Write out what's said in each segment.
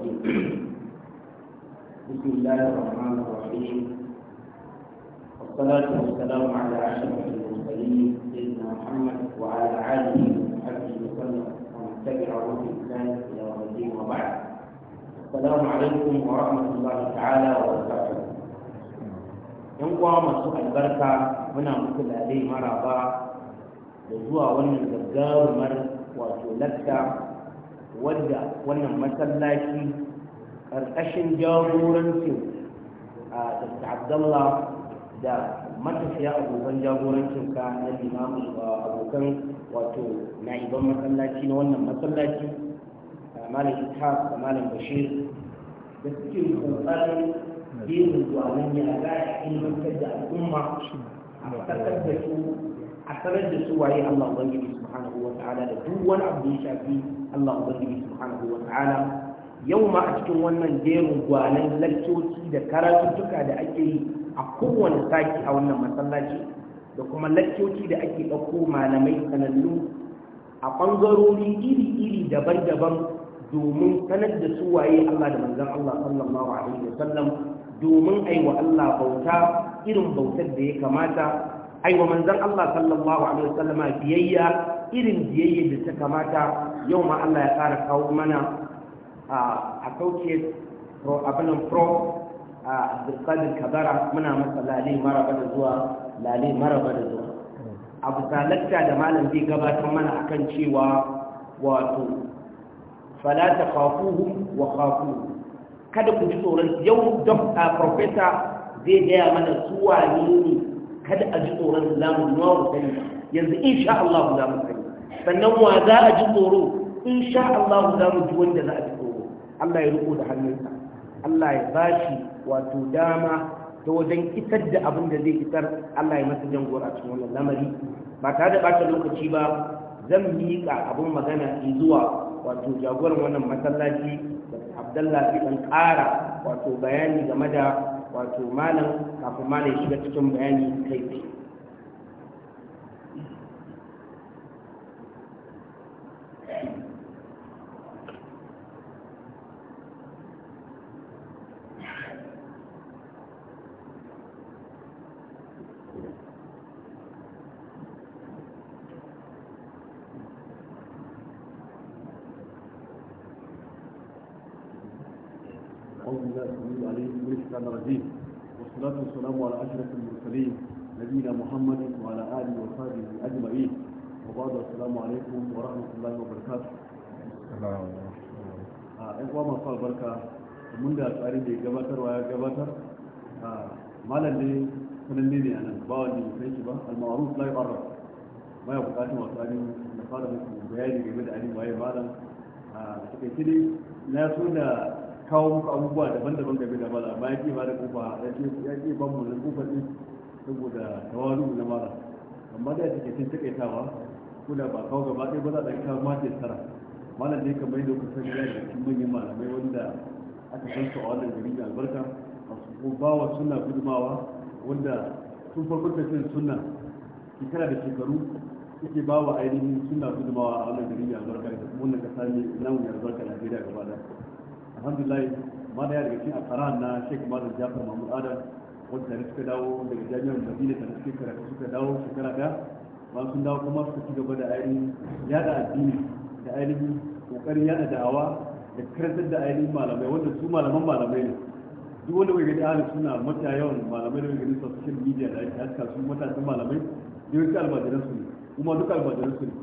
بسم الله الرحمن الرحيم والصلاة والسلام على أشرف المرسلين سيدنا محمد وعلى آله وصحبه وسلم ومن تبعه بإحسان إلى يوم الدين وبعد السلام عليكم ورحمة الله تعالى وبركاته ‘Yan uwa masu albarka muna muku lalai maraba da zuwa wannan gagarumar wato lakta wadda wannan masallaci ƙarƙashin jagorancin a dr abdullah da matafiya abokan jagorancin ka na limamu abokan wato na'iban masallaci na wannan masallaci malam ita da malam bashir da suke kokarin yin zuwanin ya za a ilmantar da al'umma a sanar da su a sanar da su waye allah ubangiji subhanahu wa ta'ala da duk wani abu da ya shafi Allah ubangiji subhanahu wa ta'ala yau ma a cikin wannan jerin gwanan lakcoci da karatuttuka da ake yi a kowane saki a wannan masallaci da kuma lakcoci da ake ɗauko malamai sanannu a ɓangarori iri-iri daban-daban domin sanar da su waye Allah da manzon Allah sallallahu alaihi wa sallam domin aiwa Allah bauta irin bautar da ya kamata aiwa manzon Allah sallallahu alaihi wa sallama biyayya irin biyayya da ta kamata yau ma Allah ya ƙara kawo mana a kauce abinan pro a zirkadin kabara muna masa lalai maraba da zuwa lalai maraba da zuwa a bisa da malam zai gabatar mana akan cewa wato falata kafuhu wa kafu. kada ku ji tsoron yau dokta profesa zai gaya mana suwa ne kada a ji tsoron zamu nuna yanzu insha Allah za mu sani sannan wa za a ji tsoro in sha Allah za mu ji wanda za a ji tsoro Allah ya riko da hannunsa Allah ya bashi wato dama ta wajen kitar da abin da zai kitar Allah ya masa jangora a cikin wannan lamari ba tare da ɓata lokaci ba zan miƙa abin magana zuwa wato jagoran wannan masallaci da sai dan ƙara wato bayani game da wato malam kafin malam shiga cikin bayani kai رسول الله صلى الله عليه وسلم الشيطان الرجيم والصلاة والسلام على أشرف المرسلين نبينا محمد وعلى آله وصحبه أجمعين وبعد السلام عليكم ورحمة الله وبركاته السلام عليكم إخوة البركة من ذا تعرف جبتر ويا جبتر آه، ما لدي فنديني أنا باجي فيشبا المعروف لا يعرف ما يبقاش مصاري نقارن بهذه جبل علي ما يبالغ آه، تكتلي لا سوى kawo muku abubuwa daban-daban game da bala ba ya ke ba da kofa ya ke ban mu da kufa ɗin saboda tawazu na mara amma da take cikin takaitawa ko da ba kawo gaba ɗaya ba za a ɗan kawo mace tara malam ne kamar yadda kusan ya da cikin manyan malamai wanda aka san su a wannan gari da albarka masu bawa suna gudumawa wanda sun farko da cin suna shekara da shekaru suke ba wa ainihin suna gudumawa a wannan gari da albarka da kuma wannan kasa ne namun albarka najeriya gaba da alhamdulillah da ya daga cikin asaran na sheik malam jafar mahmud adam wanda tare suka dawo daga jami'ar madina tare suke karatu suka dawo shekara daya ba sun dawo kuma suka ci gaba da ainihin yada addini da ainihin kokarin yada da'awa da karantar da ainihin malamai wanda su malaman malamai ne duk wanda bai gani ahli suna mata yawan malamai da bai gani social media da ake haska su matasan malamai da yawanci almajiran su ne kuma duk almajiran su ne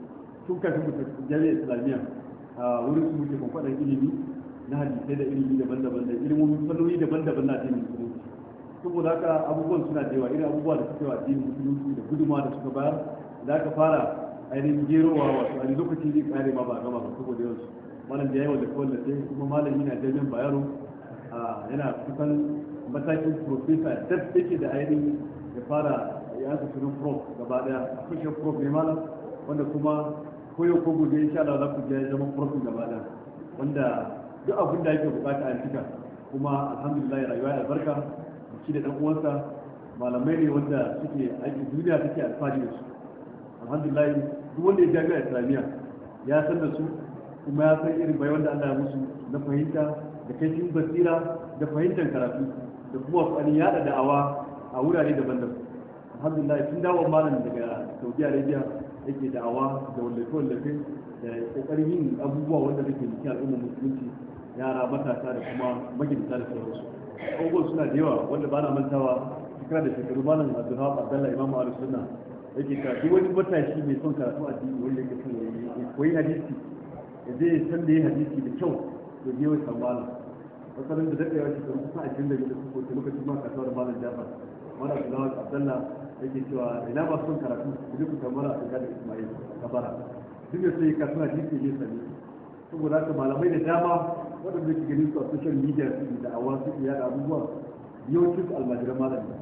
tun kafin mutum jami'ar islamiyya a wurin su muke kwakwadon ilimi na hadisai da ilimi daban-daban da ilimomin fannoni daban-daban na addinin musulunci saboda haka abubuwan suna da yawa irin abubuwa da suke wa addinin musulunci da guduma da suka bayar da aka fara ainihin gerowa wasu a lokaci zai kare ma ba a gama ba saboda yawansu malam da yawa da kawai da sai kuma malami na jami'an bayero yana kusan matakin profesa da take da ainihin ya fara ya yi sunan prof gaba daya kushe prof ne malam wanda kuma koyo ko gobe insha Allah za ku je zama prof gaba daya wanda duk abin da yake bukata a cika kuma alhamdulillah rayuwa ya barka shi da dan uwansa malamai ne wanda suke aiki duniya suke alfahari da su alhamdulillah duk wanda ya jami'a islamiya ya san da su kuma ya san irin bai wanda Allah ya musu na fahimta da kaifin basira da fahimtar karatu da kuma kwani yada da'awa a wurare daban-daban alhamdulillah tun dawo malam daga Saudi Arabia yake da'awa da wallafe-wallafe da kokarin yin abubuwa wanda suke jikin al'ummar musulunci yara matasa da kuma magidanta da sauransu abubuwan suna da yawa wanda ba na mantawa shekara da shekaru ba nan masu hawa abdallah imamu alu sunna yake ka wani matashi mai son karatu jini wanda yake son ya koyi hadisi ya je san da ya hadisi da kyau to je wata tambala wasanin da daɗe yawa shekaru kusa ashirin da biyu da suko ta lokacin ma da malam jafar mara abdallah abdallah yake cewa ina ba son karatu ku je ku tambara a da ismail kabara duk da sai ka suna hadisi ne sani saboda haka malamai da dama waɗanda ke gani su a social media su da awa su iya abubuwa yawancin su almajiran malami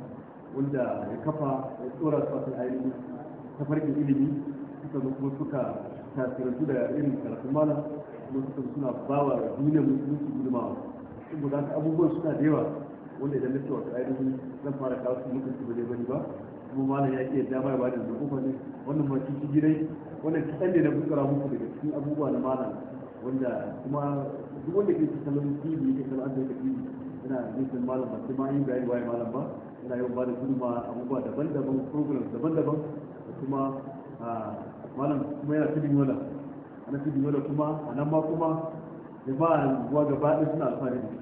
wanda ya kafa ya tsora su a kan ainihin tafarkin ilimi suka zo kuma suka tasirantu da irin karatun malam kuma suka suna ba wa duniya musulunci gudunmawa saboda haka abubuwan suna da yawa wanda idan na ce wata ainihin zan fara kawo su mutunci ba zai bani ba kuma malam ya iya dama ya bada da kofa ne wannan ma cikin gidai wannan kaɗan ne na bukara muku daga cikin abubuwa na malam wanda kuma duk wanda ke tattalin tv ke kallon da tv yana nufin malam ba sai ma yin bayani waye malam ba yana yawan bada gudunma abubuwa daban-daban program daban-daban da kuma malam kuma yana tudin wala ana tudin wala kuma a nan ma kuma da ba a ruwa gaba ɗaya suna alfahari da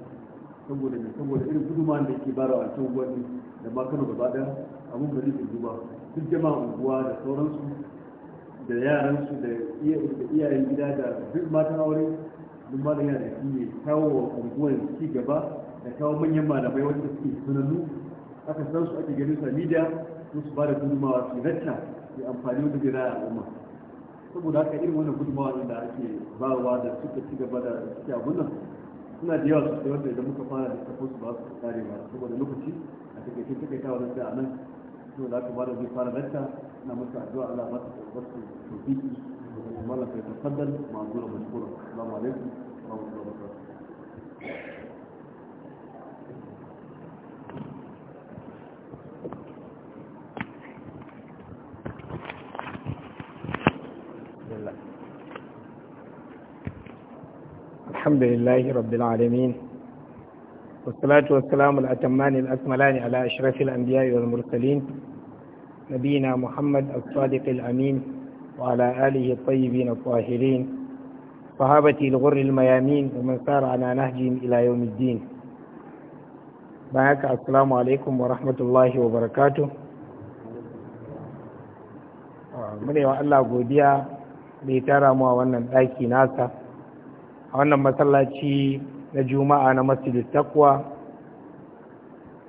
saboda ne saboda irin gudunma da ke bara a cikin wani da ma kano gaba ɗaya abun da zai duba duk jama'a unguwa da sauransu da yaransu da iyayen gida da duk matan aure duk da yana da shi kawo wa unguwar ci gaba da kawo manyan malamai wanda suke sanannu aka san su ake ganin su a media su ba da gudunmawa su rata su amfani da zai a al'umma saboda haka irin wannan gudunmawa ne da ake bawa da suka ci gaba da suke a nan suna da yawa sosai wanda idan muka fara da su ba su kare ba saboda lokaci a take takaitawa na sai a nan to za ka ba da zai fara ranta na masa addu'a Allah ba ta wasu tofiki kuma Allah ka yi tafaddal ma'azura mashkura assalamu alaikum wa rahmatullahi wa barakatuh الحمد لله رب العالمين والصلاة والسلام الأتمان الأكملان على أشرف الأنبياء والمرسلين نبينا محمد الصادق الأمين وعلى آله الطيبين الطاهرين صحابتي الغر الميامين ومن سار على نهجهم إلى يوم الدين معك السلام عليكم ورحمة الله وبركاته mune wa Allah godiya da ya tara mu a wannan ɗaki nasa a wannan masallaci na juma'a na masjid takwa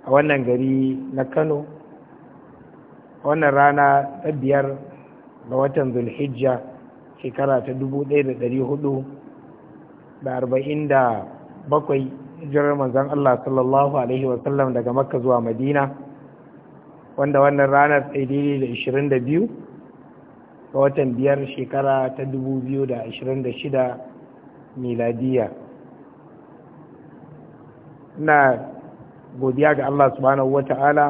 a wannan gari na kano a wannan rana ta biyar ga watan zulhijja shekara ta dubu ɗaya da ɗari hudu da arba'in da bakwai hijirar manzon Allah sallallahu alaihi wasallam daga makka zuwa madina wanda wannan ranar daidai da ishirin da biyu ga watan biyar shekara ta dubu biyu da da shida miladiya ina godiya ga Allah subhanahu ta'ala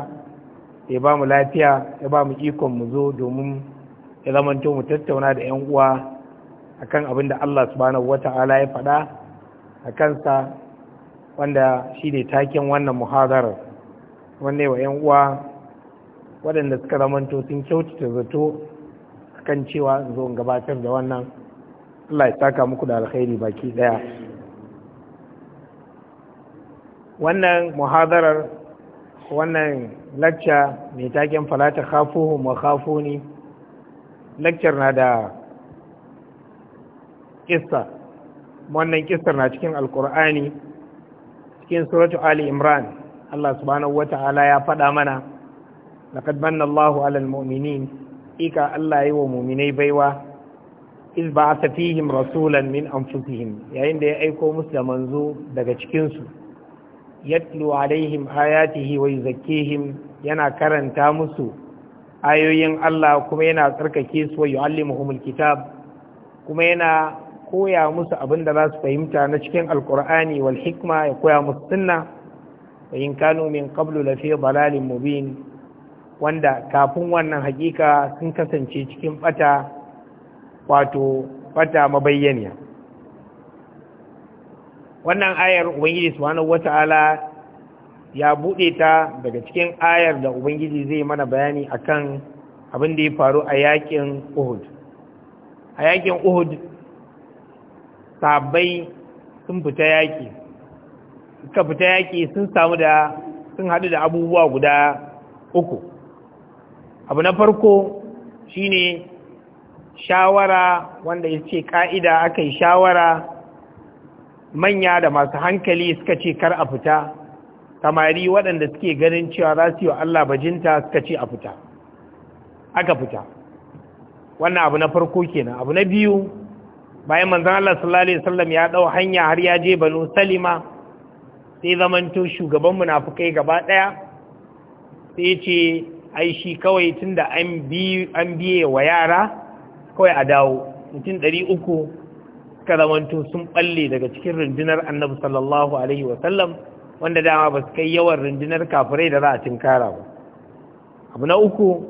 ya ba mu lafiya ya ba mu ikon mu zo domin ya zamanto mu tattauna da 'yan uwa akan abin da Allah subhanahu ta'ala ya faɗa a kansa wanda shi ne taken wannan muhadarar wanda wa 'yan uwa waɗanda suka zamanto sun kyautata zato kan cewa zo gabatar da wannan Allah ya saka muku da alkhairi baki ɗaya wannan muhadarar wannan lakca mai taken falata khafuhu ma khafuni lakcar na da kissa wannan kistar na cikin alkur'ani cikin suratu ali imran Allah subhanahu wata'ala ya faɗa mana laqad banna Allahu 'alal mu'minin ika Allah yi wa mu'minai baiwa iz ba'atha fihim rasulan min anfusihim yayin da ya aiko musu da manzo daga cikinsu. su yatlu alaihim ayatihi wa yuzakkihim yana karanta musu ayoyin Allah kuma yana tsarkake su wa yu'allimuhumul kitab kuma yana koya musu abin da za su fahimta na cikin alkur'ani wal hikma ya koya musu sunna wa in kanu min qablu la fi dalalin mubin wanda kafin wannan hakika sun kasance cikin bata wato bata mabayyaniya wannan ayar ubangiji subhanahu wata'ala ya buɗe ta daga cikin ayar da ubangiji zai mana bayani akan abin da ya faru a yakin uhud a yakin uhud sabai sun fita yaki suka fita yaki sun samu da sun haɗu da abubuwa guda uku abu na farko shine shawara wanda ya ce ka'ida aka yi shawara manya da masu hankali suka ce kar a fita Kamari waɗanda suke ganin cewa za su yi wa Allah bajinta suka ce a fita aka fita wannan abu na farko kenan abu na biyu bayan manzon Allah sallallahu alaihi wasallam ya dau hanya har ya je Banu Salima sai zamanto shugaban munafikai gaba daya sai ce ai shi kawai tunda an bi an biye wa yara kawai a dawo mutum ɗari uku. karamantun sun ɓalle daga cikin rundunar annabi sallallahu alaihi wasallam wanda dama ba su kai yawan rundunar kafirai da za a tinkara ba abu na uku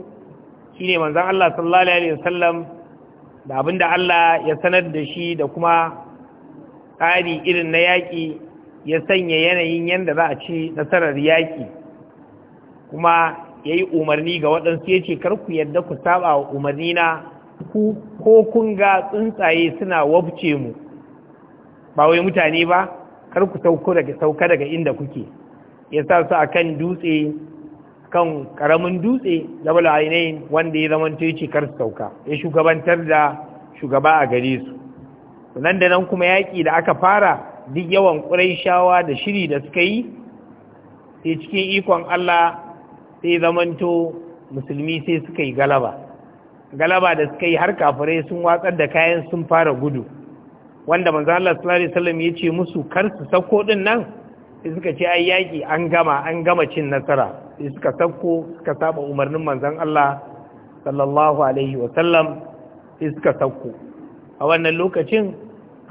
shine manzon Allah sallallahu alaihi wasallam da abin da Allah ya sanar da shi da kuma tsari irin na yaƙi ya sanya yanayin yadda za a ci nasarar yaƙi kuma ya yi umarni ga waɗansu ya ce karku yadda ku saba wa umarni na ko kun ga tsuntsaye suna wabce mu ba wai mutane ba kar ku sauko daga sauka daga inda kuke ya sa su akan dutse kan karamin dutse zabal ainihin wanda ya zama tuci kar su sauka ya shugabantar da shugaba a gare su nan da nan kuma yaƙi da aka fara duk yawan ƙuraishawa da shiri da suka yi sai cikin ikon Allah sai zamanto musulmi sai suka yi galaba galaba da suka yi har kafirai sun watsar da kayan sun fara gudu wanda manzo Allah sallallahu ya ce musu kar su sako din nan sai suka ce ai yaki an gama an gama cin nasara sai suka sako suka saba umarnin manzon Allah sallallahu alaihi wasallam sai suka sako a wannan lokacin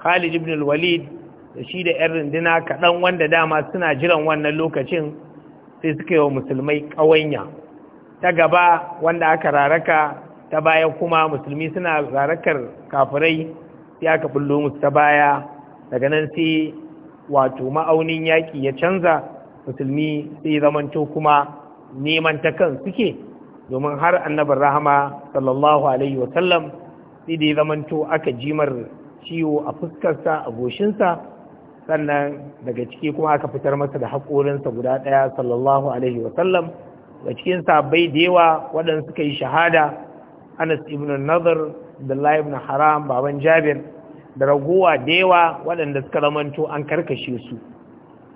Khalid ibn al-Walid da shi da yan rinduna kaɗan wanda dama suna jiran wannan lokacin sai suka yi wa musulmai ƙawanya ta gaba wanda aka raraka ta baya kuma musulmi suna zarakar kafirai sai aka bullo musu ta baya daga nan sai wato ma'aunin yaƙi ya canza musulmi sai zamanto kuma neman ta kan suke domin har annabar rahama sallallahu alaihi sallam, sai da ya zamanto aka jimar ciwo a fuskarsa a goshinsa sannan daga ciki kuma aka fitar masa da haƙorinsa guda ɗaya sallallahu alaihi sallam. da cikin sabai da yawa waɗanda suka yi shahada anas ibn nazar da laib na haram baban jabir da ragowa da yawa waɗanda suka zamanto an karkashe su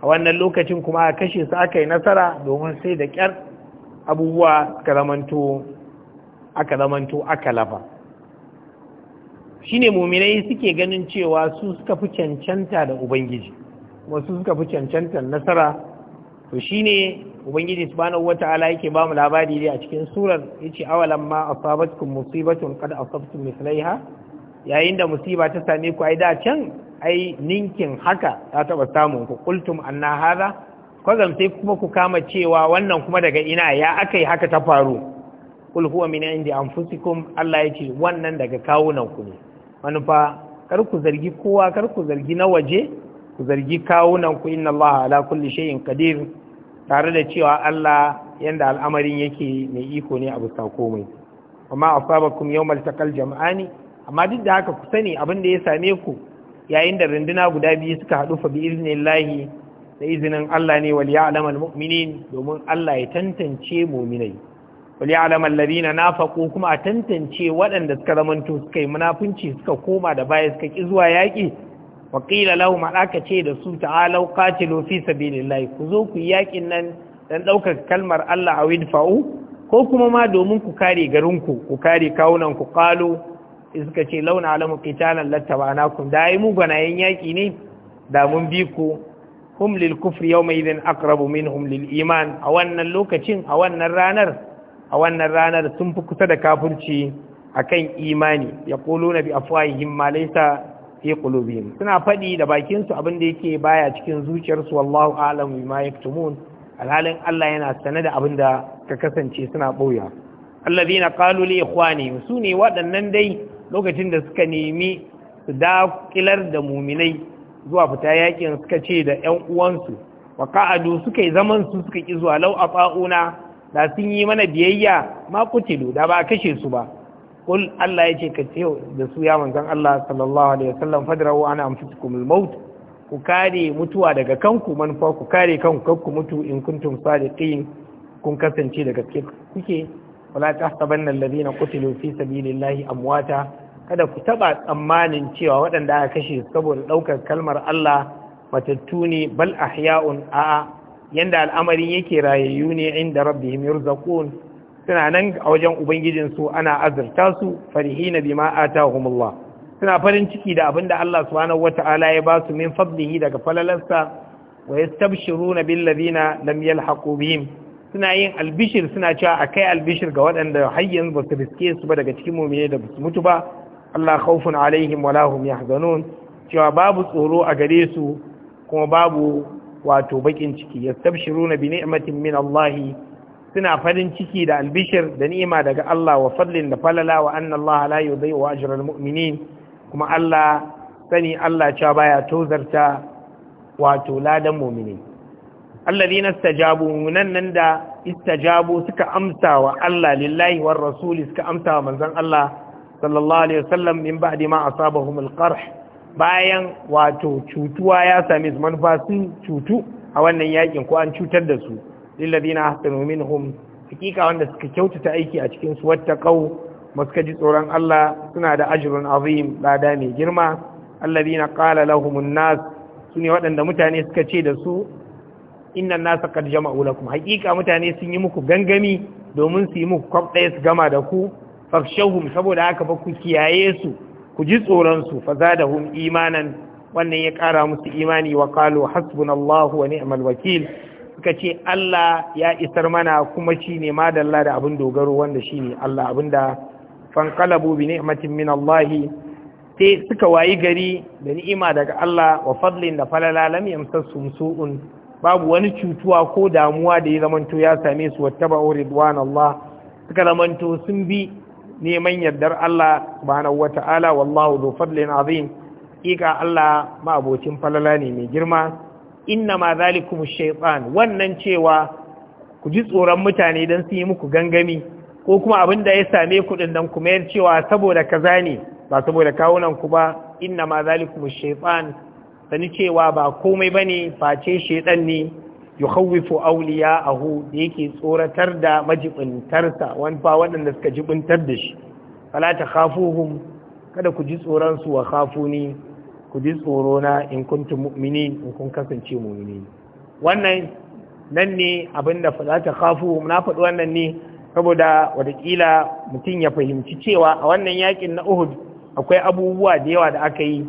a wannan lokacin kuma a kashe su aka yi nasara domin sai da ƙyar abubuwa suka zamanto aka zamanto aka lafa shine muminai suke ganin cewa su suka fi cancanta da ubangiji kuma su suka fi cancantar nasara to shine ubangiji subhanahu wata'ala yake bamu labari dai a cikin surar yace awalan ma asabatkum musibatun qad asabtum mithlaiha yayin da musiba ta same ku ai da can ai ninkin haka ta taba samun ku qultum anna hadha kwagan sai kuma ku kama cewa wannan kuma daga ina ya akai haka ta faru qul huwa min indi anfusikum Allah yace wannan daga kawunan ku ne manufa kar ku zargi kowa kar ku zargi na waje ku zargi kawunan ku inna Allah ala kulli shay'in qadir tare da cewa Allah yanda al'amarin yake mai iko ne a bisa komai amma asabakum yawmal taqal jam'ani amma duk da haka ku sani abin da ya same ku yayin da runduna guda biyu suka haɗu fa bi iznillahi da izinin Allah ne wal ya'lamal mu'minin domin Allah ya tantance mu'minai wal ya'lamal ladina nafaqu kuma a tantance waɗanda suka zamanto suka yi munafunci suka koma da baya suka ki zuwa yaƙi wa lau lahum ce da su ta'alau qatilu fi sabilillahi ku zo ku yakin nan dan ɗaukar kalmar Allah a widfa'u ko kuma ma domin ku kare garinku ku kare kawunan ku ƙalo iska ce launa alamu qitalan lattabanakum da ai mu gwanayen yaki ne da mun bi ku hum lil mai yawma idhin aqrabu min, lil iman a wannan lokacin a wannan ranar a wannan ranar sun fi kusa da kafurci akan imani yaquluna bi afwahihim ma laysa fi qulubihim suna faɗi da bakin su abin da yake baya cikin zuciyarsu wallahu alam bima yaktumun alhalin Allah yana sane da abin da ka kasance suna boya alladhina qalu li ikhwani su ne waɗannan dai lokacin da suka nemi su dakilar da muminai zuwa fita yakin suka ce da ƴan uwansu wa qa'adu suka yi zaman su suka ki zuwa lau a da sun yi mana biyayya ma kutilu da ba kashe su ba kul Allah ya ce ka ce da su ya manzan Allah sallallahu alaihi wasallam fadrawu ana amfutukum al-maut ku kare mutuwa daga kanku manufa ku kare kanku ku mutu in kuntum sadiqin kun kasance da gaske kuke wala tahsabanna alladhina qutilu fi sabilillahi amwata kada ku taba tsammanin cewa waɗanda aka kashe saboda ɗaukar kalmar Allah matattu ne bal ahya'un a'a yanda al'amarin yake rayayyu ne inda rabbihim yurzaqun suna nan a wajen ubangijinsu ana azurta su farihina bima atahumullah suna farin ciki da abin da Allah subhanahu wata'ala ya ba su min fadlihi daga falalarsa wa yastabshiruna bil ladina lam yalhaqu bihim suna yin albishir suna cewa akai albishir ga waɗanda har yanzu ba su riske su ba daga cikin mu'mini da su mutu ba Allah khawfun alaihim Wa hum yahzanun cewa babu tsoro a gare su kuma babu wato bakin ciki yastabshiruna bi ni'matin min Allah suna farin ciki da albishir da ni'ima daga Allah wa fadlin da falala wa anna Allah la yudhi'u ajral mu'minin kuma Allah sani Allah cewa baya tozarta wato ladan mu'mini alladhina istajabu nan nan da istajabu suka amsa wa Allah lillahi war rasuli suka amsa wa manzon Allah sallallahu alaihi wasallam min ba'di ma asabahum alqarh bayan wato cutuwa ya sami su cutu a wannan yakin ko an cutar da su lillazina ahsanu minhum hakika wanda suka kyautata aiki a cikin su wattaqau suka ji tsoron Allah suna da ajrun azim lada mai girma allazina qala lahumun nas sune waɗanda mutane suka ce da su innan nasa qad jama'u lakum hakika mutane sun yi muku gangami domin su yi muku kwaf ɗaya su gama da ku fafshahum saboda haka ba ku kiyaye su ku ji tsoron su hum, imanan wannan ya ƙara musu imani wa qalu hasbunallahu wa ni'mal wakil suka ce Allah ya isar mana kuma shi ne madalla da abin dogaro wanda shi ne Allah abin da fankalabu bi ni'matin min Allah sai suka wayi gari da ni'ima daga Allah wa fadlin da falala lam yamsasu su'un babu wani cutuwa ko damuwa da ya zamanto ya same su wattaba'u ridwan Allah suka zamanto sun bi neman yardar Allah subhanahu wata'ala wallahu dhu fadlin azim ika Allah ma ma'abocin falala ne mai girma inna ma zalikum shaytan wannan cewa ku ji tsoron mutane dan su yi muku gangami ko kuma abin da ya same ku din nan kuma yar cewa saboda kaza ne ba saboda kawunan ku ba inna ma zalikum shaytan sani cewa ba komai bane face shaytan ne yukhawwifu awliya'ahu da yake tsoratar da majibintarsa wani fa waɗanda suka jibintar da shi fala takhafuhum kada ku ji tsoron su wa khafuni ku ji tsoro na in kuntu mu'mini in kun kasance mu'mini wannan nan ne abinda fa ta kafu na faɗi wannan ne saboda watakila mutum ya fahimci cewa a wannan yakin na Uhud akwai abubuwa da yawa da aka yi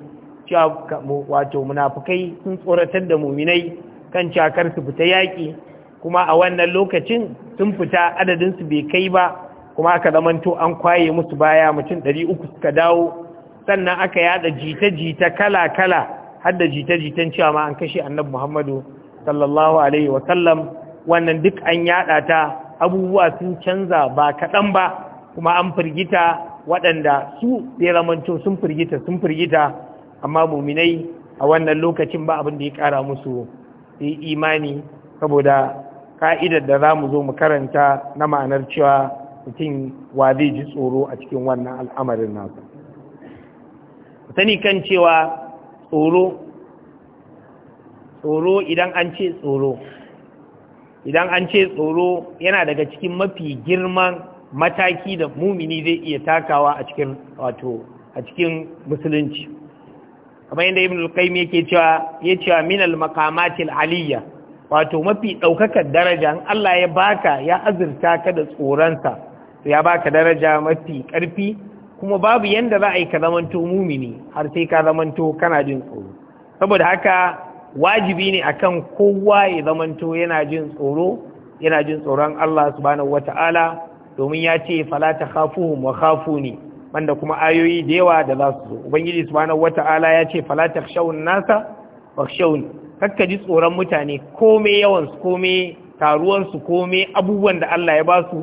cewa wato munafukai sun tsoratar da muminai kan cakar su fita yaki. kuma a wannan lokacin sun fita adadin su bai kai ba kuma aka zamanto an kwaye musu baya mutum ɗari uku suka dawo sannan aka yada jita-jita kala-kala har da jita-jitan cewa ma an kashe annabi Muhammadu sallallahu alaihi wa sallam wannan duk an yada ta abubuwa sun canza ba kaɗan ba kuma an firgita waɗanda su ya zamanto sun firgita sun firgita amma muminai a wannan lokacin ba abin da ya ƙara musu imani saboda ka'idar da za mu zo mu karanta na ma'anar cewa mutum wa zai ji tsoro a cikin wannan al'amarin nasa sani kan cewa tsoro tsoro idan an ce tsoro idan an ce tsoro yana daga cikin mafi girman mataki da mumini zai iya takawa a cikin wato a cikin musulunci kamar yadda ibn al-qayyim yake cewa ya cewa min al-maqamatil aliyya wato mafi daukakar daraja in Allah ya baka ya azurta ka da tsoronsa ya baka daraja mafi karfi kuma babu yanda za a yi ka zamanto mumini har sai ka zamanto kana jin tsoro saboda haka wajibi ne akan kowa ya zamanto yana jin tsoro yana jin tsoron Allah subhanahu wata'ala domin ya ce fala takhafuhum wa khafuni wanda kuma ayoyi da yawa da za su zo ubangiji subhanahu wata'ala ya ce fala khashawun nasa khashawun kakka ji tsoron mutane komai yawan su komai taruwan su komai abubuwan da Allah ya ba su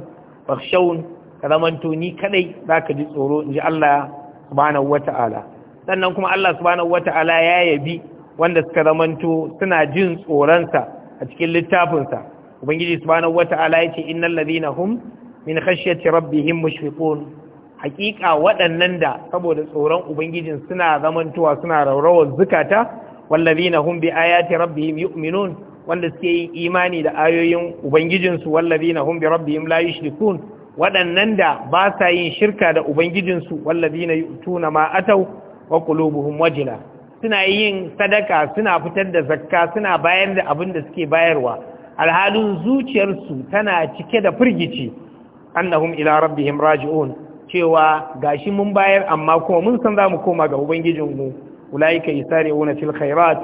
khashawun ka zamanto ni kadai zaka ji tsoro inji Allah subhanahu wata'ala sannan kuma Allah subhanahu wata'ala ya yabi wanda suka zamanto suna jin tsoronsa a cikin littafinsa ubangiji subhanahu wata'ala yace innal ladina hum min khashyati rabbihim mushfiqun hakika waɗannan da saboda tsoron ubangijin suna zamantowa suna raurawar zukata wallazina hum bi ayati rabbihim yu'minun wanda suke yin imani da ayoyin ubangijinsu wallazina hum bi rabbihim la yushrikun waɗannan da ba sa yin shirka da ubangijinsu yi yu'tuna ma atau wa qulubuhum wajila suna yin sadaka suna fitar da zakka suna bayar da abin da suke bayarwa alhalin zuciyarsu tana cike da firgici annahum ila rabbihim raji'un cewa gashi mun bayar amma kuma mun san zamu koma ga ubangijinmu ulaika yasari'una fil khairat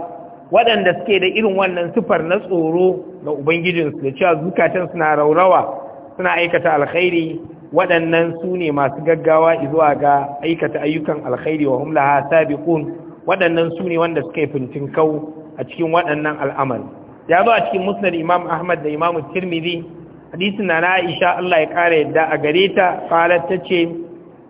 waɗanda suke da irin wannan sifar na tsoro ga ubangijinsu da cewa zukatan suna raurawa suna aikata alkhairi waɗannan su ne masu gaggawa zuwa ga aikata ayyukan alkhairi wa hum sabiqun waɗannan su ne wanda suka yi fintin kau a cikin waɗannan al'amari ya zo a cikin musnad imam ahmad da imam tirmidhi hadisin na aisha Allah ya ƙara yadda a gare ta ta ce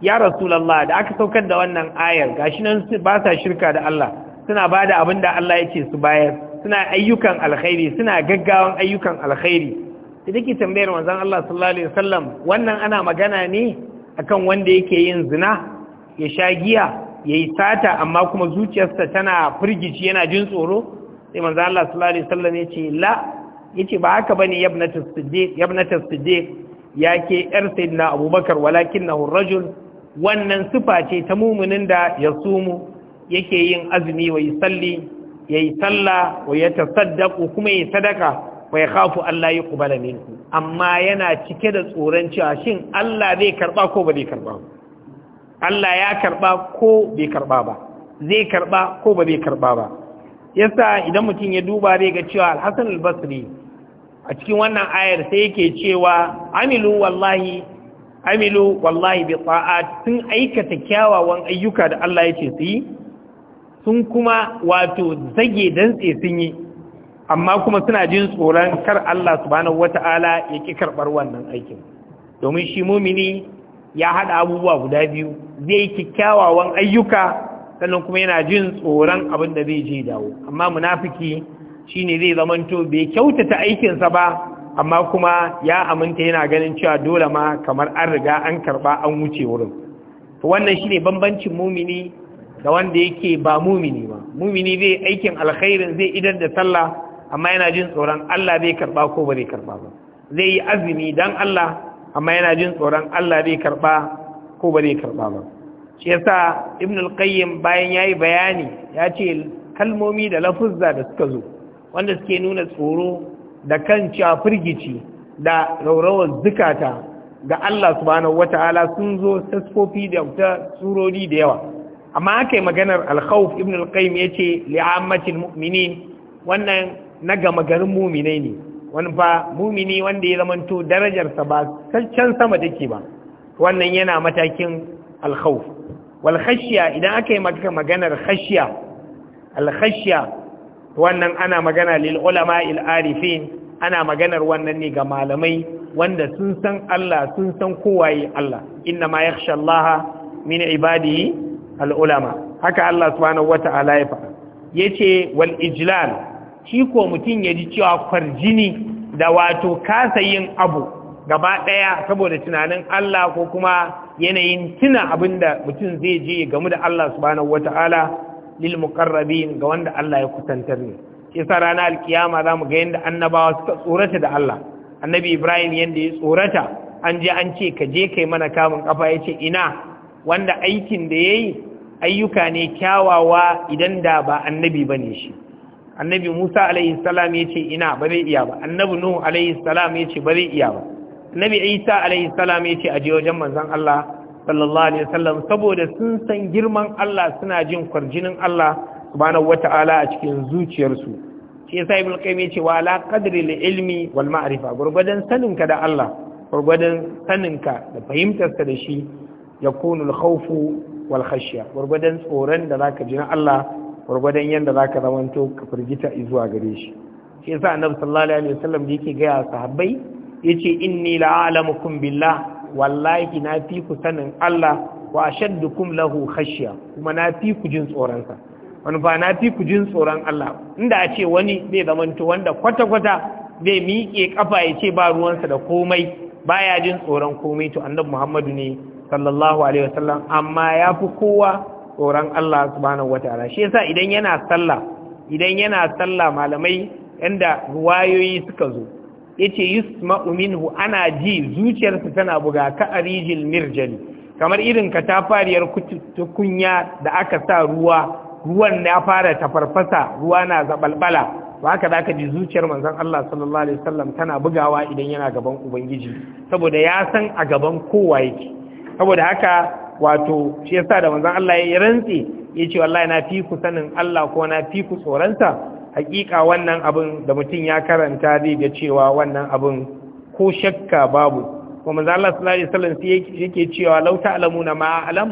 ya rasulullah da aka saukar da wannan ayar gashi nan ba sa shirka da Allah suna bada abin da Allah ya ce su bayar suna ayyukan alkhairi suna gaggawan ayyukan alkhairi da take tambayar manzon Allah sallallahu alaihi wasallam wannan ana magana ne akan wanda yake yin zina ya sha giya yayi sata amma kuma zuciyarsa tana firgici yana jin tsoro sai manzon Allah sallallahu alaihi wasallam ya ce la yace ba haka bane yabnatu siddiq yabnatu siddiq yake yar sayyidina abubakar walakinahu rajul wannan sifa ce ta muminin da ya sumu yake yin azumi wa yusalli salli ya salla wa ya kuma yayi sadaka wa ya khafu Allah ya kubala minku amma yana cike da tsoron cewa shin Allah zai karba ko ba zai karba Allah ya karba ko bai karba ba zai karɓa ko ba zai karba ba yasa idan mutum ya duba zai ga cewa Al-Hasan al-Basri a cikin wannan ayar sai yake cewa amilu wallahi amilu wallahi bi ta'at sun aikata kyawawan ayyuka da Allah ya ce su yi sun kuma wato zage dantse sun yi amma kuma suna jin tsoron kar Allah subhanahu wata'ala ya ki karɓar wannan aikin domin shi mumini ya haɗa abubuwa guda biyu zai kyakkyawawan ayyuka sannan kuma yana jin tsoron abin da zai je dawo amma munafiki shine zai zamanto bai kyautata aikinsa ba amma kuma ya aminta yana ganin cewa dole ma kamar an riga an karɓa an wuce wurin to wannan shine bambancin mumini da wanda yake ba mumini ba mumini zai aikin alkhairin zai idar da sallah amma yana jin tsoron Allah zai karba ko ba zai karba ba zai yi azumi dan Allah amma yana jin tsoron Allah zai karba ko ba zai karba ba shi yasa ibn al-qayyim bayan yayi bayani ya ce kalmomi da lafuzza da suka zo wanda suke nuna tsoro da kan firgici da raurawar zukata ga Allah subhanahu wata'ala sun zo tasfofi da ta surori da yawa amma aka yi maganar alkhawf ibn al-qayyim yace li'ammatil mu'minin wannan na gama garin muminai ne wani fa mumini wanda ya zamanto darajarsa ba can sama take ba wannan yana matakin alkhawf wal khashya idan aka yi maka maganar khashya al khashya wannan ana magana lil ulama il arifin ana maganar wannan ne ga malamai wanda sun san Allah sun san kowaye Allah inna ma yakhsha Allah min ibadihi al ulama haka Allah subhanahu wata'ala ya faɗa yace wal ijlal shi ko mutum ya ji cewa kwarjini da wato kasa yin abu gaba ɗaya saboda tunanin Allah ko kuma yanayin tuna abin da mutum zai je gamu da Allah subhanahu ta'ala lil muqarrabin ga wanda Allah ya kusantar ne Kisa rana alkiyama mu ga yadda annabawa suka tsorata da Allah annabi Ibrahim yadda ya tsorata an je an ce ka je kai mana kamun kafa ya ce ina wanda aikin da ya yi ayyuka ne kyawawa idan da ba annabi ba ne shi annabi Musa alaihi salam ya ce ina ba zai iya ba annabi Nuhu alaihi salam ya ce ba zai iya ba annabi Isa alaihi salam ya ce a je wajen manzon Allah sallallahu alaihi wasallam saboda sun san girman Allah suna jin kwarjinin Allah subhanahu wata'ala a cikin zuciyarsu shi yasa ibnu qayyim ya ce wa la qadri lil ilmi wal ma'rifa gurgudan saninka da Allah gurgudan ka da fahimtarsa da shi yakunu al khawfu wal khashya gurgudan tsoron da zaka ji na Allah gwargwadon yadda za ka zamanto ka firgita zuwa gare shi shi yasa annabi sallallahu alaihi wasallam da yake gaya sahabbai yace inni la'alamukum billah wallahi na fi ku sanin Allah wa ashaddukum lahu khashya kuma na fi ku jin tsoron sa wani ba na fi ku jin tsoron Allah inda a ce wani zai zamanto wanda kwata kwata zai miƙe kafa ya ce ba ruwansa da komai baya jin tsoron komai to annabi Muhammadu ne sallallahu alaihi wasallam amma ya fi kowa tsoron Allah subhanahu ta'ala shi yasa idan yana sallah idan yana sallah malamai inda ruwayoyi suka zo yace yusma'u minhu ana ji zuciyarsa tana buga ka arijil mirjali kamar irin katafariyar kunya da aka sa ruwa ruwan ya fara tafarfasa ruwa na zabalbala ba haka da aka ji zuciyar manzon Allah sallallahu alaihi wasallam tana bugawa idan yana gaban ubangiji saboda ya san a gaban kowa yake saboda haka wato shi yasa da manzon Allah ya rantsi ya ce wallahi na fi ku sanin Allah ko na fi ku tsoronsa hakika wannan abin da mutum ya karanta zai ga cewa wannan abin ko shakka babu kuma manzon Allah sallallahu alaihi wasallam sai yake cewa law ta'lamuna ma alam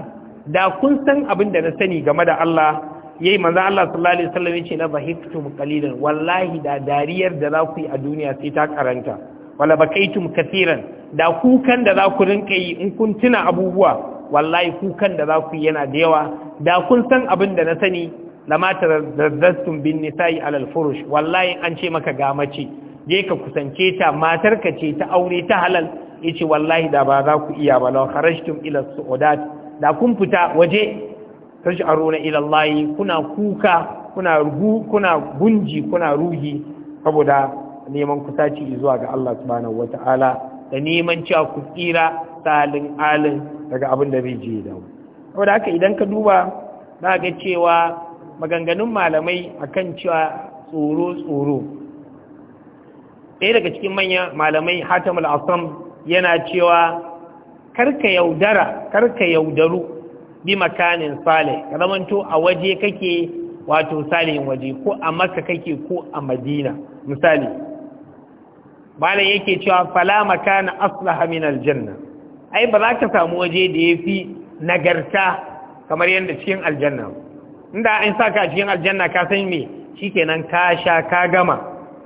da kun san abin da na sani game da Allah yayi manzon Allah sallallahu alaihi wasallam yace la bahiktum qalilan wallahi da dariyar da za ku yi a duniya sai ta karanta wala bakaitum kathiran da kukan da za ku rinka yi in kun tuna abubuwa wallahi kukan da za ku yana da yawa da kun san abin da na sani lamata zazzastun bin nisa'i alal furush wallahi an ce maka ga mace je ka kusance ta matar ka ce ta aure ta halal ce wallahi da ba za ku iya ba law kharajtum ila suudat da kun fita waje taj'aruna na ilallahi kuna kuka kuna rugu kuna gunji kuna ruhi saboda neman kusaci zuwa ga Allah subhanahu wataala da neman cewa ku tsira salin alin daga abin da bai je wani da haka idan ka duba za ga cewa maganganun malamai akan cewa tsoro tsoro ɗaya daga cikin manyan malamai hatim al'asam yana cewa karka yaudara karka yaudaru bi makanin sale ka zamanto a waje kake wato salihin waje ko a maka kake ko a madina misali malam yake cewa fala makana aslaha min aljanna ai ba za ka samu waje da ya fi nagarta kamar yadda cikin aljanna inda an sa ka cikin aljanna ka san me shikenan ka sha ka gama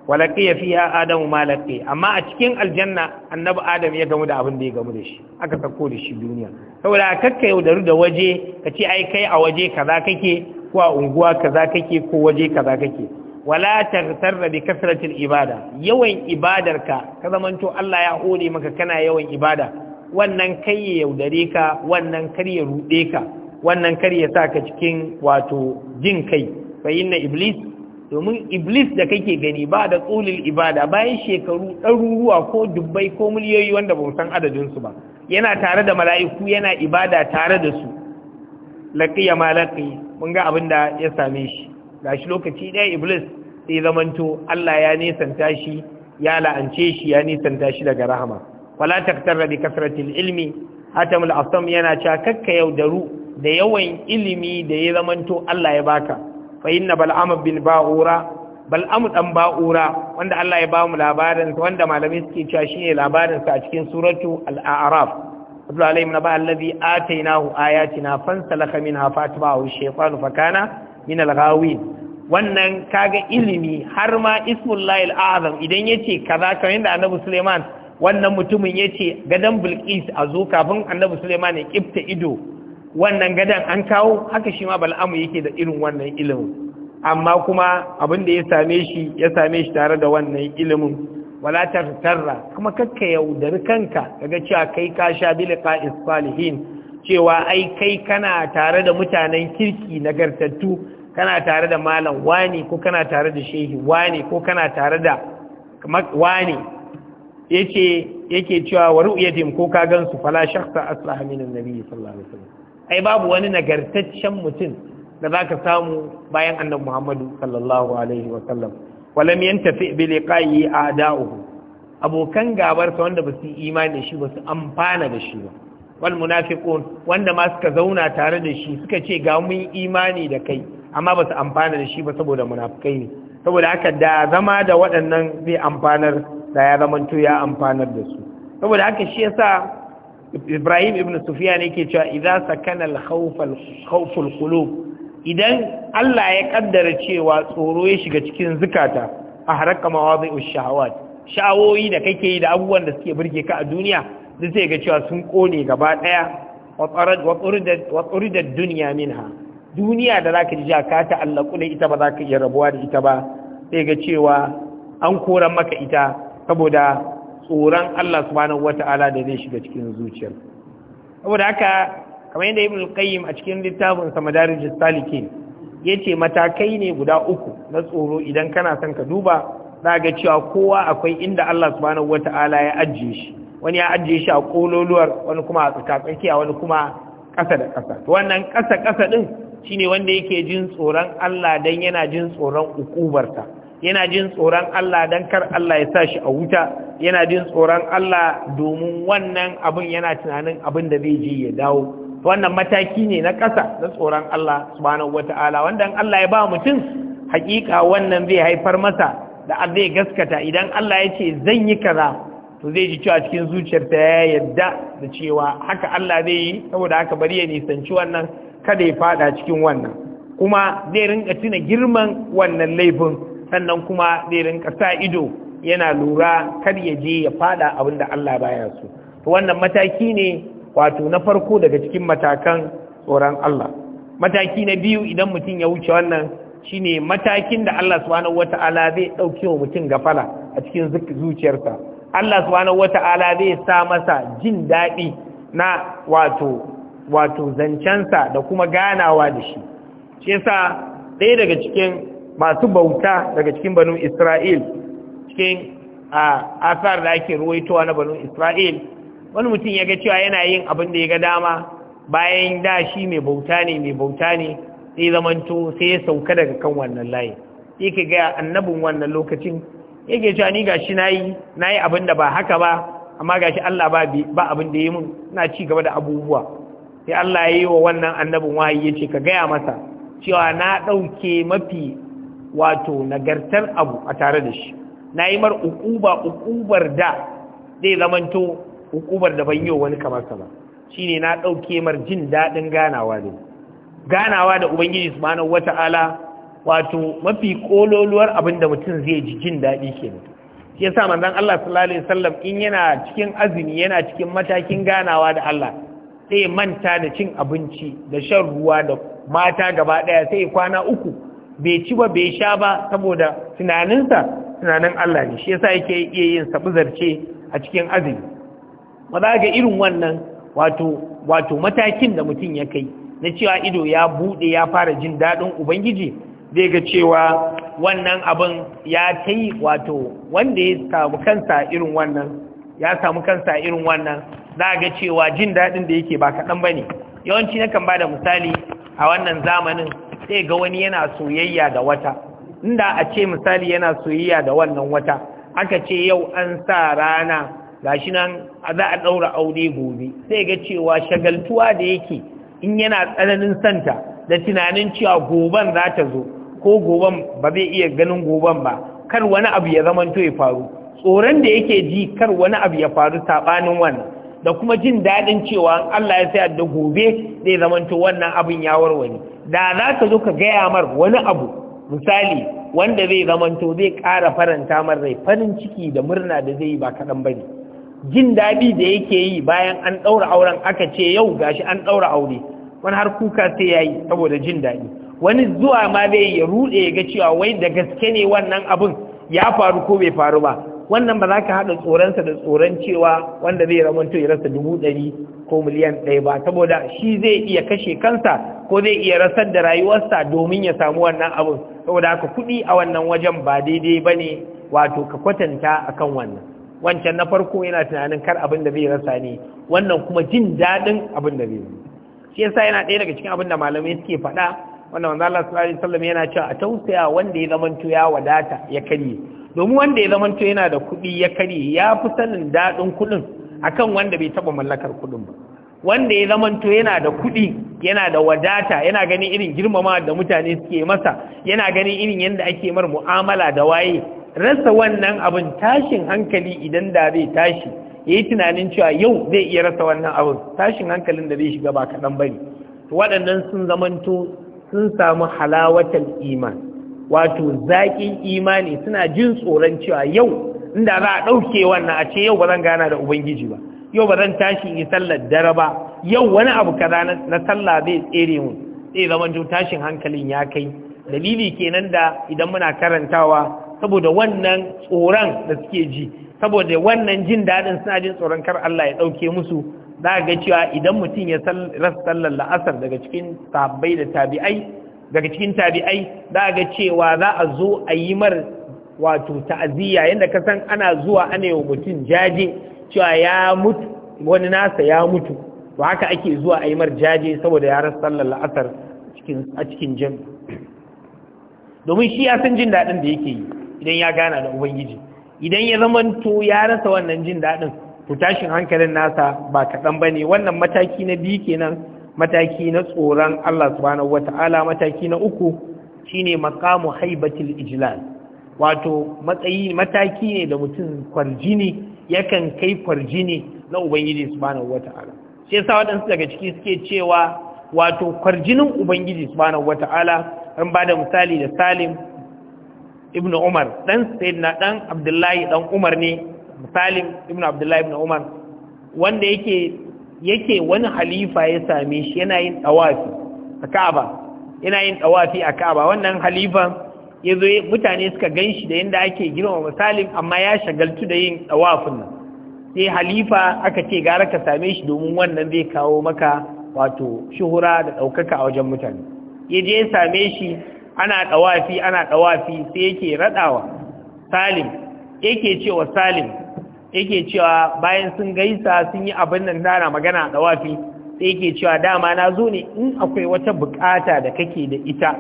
walaqiya fiha adamu malaki amma a cikin aljanna annabi adam ya gamu da abin da ya gamu da shi aka sako da shi duniya saboda kakka yaudaru da waje ka ce ai kai a waje kaza kake ko a unguwa kaza kake ko waje kaza kake wala tagtar bi kasratil ibada yawan ibadarka ka zamanto Allah ya hore maka kana yawan ibada wannan kai ya yaudare ka wannan kar ya ruɗe ka wannan kar ya sa ka cikin wato jin kai fa na iblis domin iblis da kake gani ba da tsulil ibada bayan shekaru ɗaruruwa ko dubbai ko miliyoyi wanda ba san adadinsu ba yana tare da mala'iku yana ibada tare da su laƙiya ma laƙi mun ga abin da ya same shi ga shi lokaci ɗaya iblis sai zamanto Allah ya nisanta shi ya la'ance shi ya nisanta shi daga rahama wala taktarra bi kasratil ilimi. hatamul asam yana cewa kakka yaudaru da yawan ilimi da ya zamanto Allah ya baka fa inna bal'am bin ba'ura bal'am dan ba'ura wanda Allah ya bamu labarin wanda malamai suke cewa shine labarin sa a cikin suratu al-a'raf Abdul Alim na ba allazi atainahu ayatina fansalakha minha fatba'ahu shaytanu fakana min al-ghawin wannan kaga ilimi har ma ismullahi a'zam idan yace kaza kamar da annabi suleiman wannan mutumin ya ce gadon bilkis a zo kafin annabi suleiman ya kifta ido wannan gadon an kawo haka shi ma bal'amu yake da irin wannan ilimin amma kuma abin da ya same shi ya same shi tare da wannan ilimin wala tartarra kuma kakka yaudari kanka daga cewa kai ka sha Bilka isfalihin cewa ai kai kana tare da mutanen kirki nagartattu kana tare da malam wani ko kana tare da shehi wani ko kana tare da wani yace yake cewa wa ru'yatim ko ka gansu fala shakhsa aslaha min annabi sallallahu alaihi wasallam ai babu wani nagartaccen mutum da zaka samu bayan annabi Muhammadu sallallahu alaihi wasallam walam yantafi bi liqa'i a'da'uhu abokan gabarsa wanda basu yi imani da shi ba amfana da shi ba wal munafiqun wanda ma suka zauna tare da shi suka ce ga mun imani da kai amma basu amfana da shi ba saboda munafikai ne saboda haka da zama da waɗannan zai amfanar da ya zamanto ya amfanar da su saboda haka shi yasa Ibrahim ibn Sufyan yake cewa idza sakana al al-qulub idan Allah ya kaddara cewa tsoro ya shiga cikin zukata a haraka mawadhi'u shahawat sha'awoyi da kake yi da abubuwan da suke burge ka a duniya duk sai ga cewa sun kone gaba daya wa turida dunya minha duniya da zaka ji ka ta Allah kula ita ba zaka iya rabuwa da ita ba sai ga cewa an koran maka ita saboda tsoron Allah subhanahu wata'ala da zai shiga cikin zuciyar saboda haka kamar yadda ibn qayyim a cikin littafin sa madarijus salikin yace matakai ne guda uku na tsoro idan kana son ka duba za ga cewa kowa akwai inda Allah subhanahu wata'ala ya ajiye shi wani ya ajiye shi a kololuwar wani kuma a tsakatsakiya wani kuma ƙasa da ƙasa wannan ƙasa ƙasa ɗin shine wanda yake jin tsoron Allah dan yana jin tsoron ukubarta yana jin tsoron Allah don kar Allah ya sa shi a wuta yana jin tsoron Allah domin wannan abin yana tunanin abin da zai je ya dawo wannan mataki ne na ƙasa na tsoron Allah subhanahu wata'ala wanda Allah ya ba mutum hakika wannan zai haifar masa da zai gaskata idan Allah ya ce zan yi kaza to zai ji cewa cikin zuciyarta ya yadda da cewa haka Allah zai yi saboda haka bari ya nisanci wannan kada ya faɗa cikin wannan kuma zai rinka tuna girman wannan laifin sannan kuma zai rinka sa ido yana lura kar ya je ya fada abin da Allah baya so to wannan mataki ne wato na farko daga cikin matakan tsoron Allah mataki na biyu idan mutum ya wuce wannan shine matakin da Allah subhanahu wata'ala zai dauke wa mutum gafala a cikin zuciyarsa Allah subhanahu wata'ala zai sa masa jin daɗi na wato wato zancensa da kuma ganawa da shi shi yasa ɗaya daga cikin masu bauta daga cikin banu isra'il cikin asar da ake ruwaitowa na banu isra'il wani mutum ya ga cewa yana yin abin da ya ga dama bayan da shi mai bauta ne mai bauta ne sai zamanto sai ya sauka daga kan wannan layi sai ka ga annabin wannan lokacin yake cewa ni gashi nayi nayi abin da ba haka ba amma ga shi Allah ba ba abin da yi mun na ci gaba da abubuwa sai Allah ya yi wa wannan annabin wahayi ya ce ka gaya masa cewa na ɗauke mafi wato nagartar abu a tare da shi na yi mar ukuba ukubar da zai zamanto ukubar da ban yi wani kamar sa ba ne na ɗauke mar jin daɗin ganawa da ganawa da ubangiji wata wata'ala wato mafi kololuwar abin da mutum zai ji jin daɗi ke. kenan shi yasa manzan Allah sallallahu alaihi wasallam in yana cikin azumi yana cikin matakin ganawa da Allah sai manta da cin abinci da shan ruwa da mata gaba ɗaya sai kwana uku bai ci ba bai sha ba saboda tunaninsa tunanin Allah ne shi yasa yake iya yin sabuzarce a cikin azumi ba za ga irin wannan wato wato matakin da mutum ya kai na cewa ido ya bude ya fara jin dadin ubangiji zai ga cewa wannan abin ya kai wato wanda ya samu kansa irin wannan ya samu kansa irin wannan za ga cewa jin dadin da yake ba kaɗan ba ne yawanci nakan ba da misali a wannan zamanin sai ga wani yana soyayya da wata inda a ce misali yana soyayya da wannan wata aka ce yau an sa rana gashi nan za a ɗaura aure gobe sai ga cewa shagaltuwa da yake in yana tsananin santa da tunanin cewa goban za ta zo ko goban ba zai iya ganin goban ba kar wani abu ya zamanto ya faru tsoron da yake ji kar wani abu ya faru saɓanin wannan da kuma jin daɗin cewa Allah ya sayar da gobe zai zamanto wannan abin ya warware da za ka zo ka gaya mar wani abu misali wanda zai zamanto zai ƙara faranta mar rai farin ciki da murna da zai yi ba kaɗan ba ne jin daɗi da yake yi bayan an ɗaura auren aka ce yau gashi an ɗaura aure wani har kuka sai yayi, saboda jin daɗi wani zuwa ma zai ya ruɗe ya ga cewa wai da gaske ne wannan abin ya faru ko bai faru ba wannan ba za ka haɗa tsoronsa da tsoron cewa wanda zai to ya rasa dubu ɗari ko miliyan ɗaya ba saboda shi zai iya kashe kansa ko zai iya rasar da rayuwarsa domin ya samu wannan abin saboda haka kuɗi a wannan wajen ba daidai ba ne wato ka kwatanta akan wannan wancan na farko yana tunanin kar abin da zai rasa ne wannan kuma jin daɗin abin da zai shi yasa yana ɗaya daga cikin abin da malamai suke faɗa wannan manzo Allah sallallahu alaihi wasallam yana cewa a tausaya wanda ya zamanto ya wadata ya karye domin wanda ya zamanto yana da kuɗi ya kare ya fi sanin daɗin kuɗin akan wanda bai taɓa mallakar kuɗin ba wanda ya zamanto yana da kuɗi yana da wadata yana ganin irin girmama da mutane suke masa yana ganin irin yadda ake mar mu'amala da waye rasa wannan abin tashin hankali idan da zai tashi ya yi tunanin cewa yau zai iya rasa wannan abin tashin hankalin da zai shiga ba kaɗan ba ne waɗannan sun zamanto sun samu halawatar iman wato zaƙin imani suna jin tsoron cewa yau inda za a ɗauke wannan a ce yau ba zan gana da ubangiji ba yau ba zan tashi yi sallar dare ba yau wani abu kaza na sallah zai tsere mu zai zama jin tashin hankalin ya kai dalili kenan da idan muna karantawa saboda wannan tsoron da suke ji saboda wannan jin daɗin suna jin tsoron kar Allah ya ɗauke musu za ga cewa idan mutum ya rasa sallar la'asar daga cikin sahabbai da tabi'ai daga cikin tabi'ai za a ga cewa za a zo a yi mar wato ta'aziyya yadda ka san ana zuwa ana yi mutum jaje cewa ya mutu wani nasa ya mutu to haka ake zuwa a yi mar jaje saboda ya rasa sallar la'asar a cikin jin domin shi ya san jin daɗin da yake yi idan ya gana da ubangiji idan ya zamanto ya rasa wannan jin daɗin to tashin hankalin nasa ba kaɗan ba ne wannan mataki na biyu kenan mataki na tsoron Allah subhanahu wata'ala mataki na uku shine maqamu haibatil ijlal wato matsayi mataki ne da mutum kwarjini yakan kai kwarjini na ubangiji subhanahu wata'ala sai yasa waɗansu daga ciki suke cewa wato kwarjinin ubangiji subhanahu wata'ala an ba da misali da Salim ibnu Umar dan sayyidina dan Abdullahi dan Umar ne Salim ibnu Abdullahi ibnu Umar wanda yake yake wani halifa ya same shi yana yin tawafi a Ka'aba yana yin tawafi a Ka'aba wannan halifa yazo mutane suka ganshi da yanda ake girma misalin amma ya shagaltu da yin tawafin nan sai halifa aka ce gara ka same shi domin wannan zai kawo maka wato shuhura da ɗaukaka a wajen mutane ya same shi ana ɗawafi ana ɗawafi sai yake raɗawa salim yake cewa salim yake cewa bayan sun gaisa sun yi abin nan tana magana da wafi sai yake cewa dama na zo ne in akwai wata bukata da kake da ita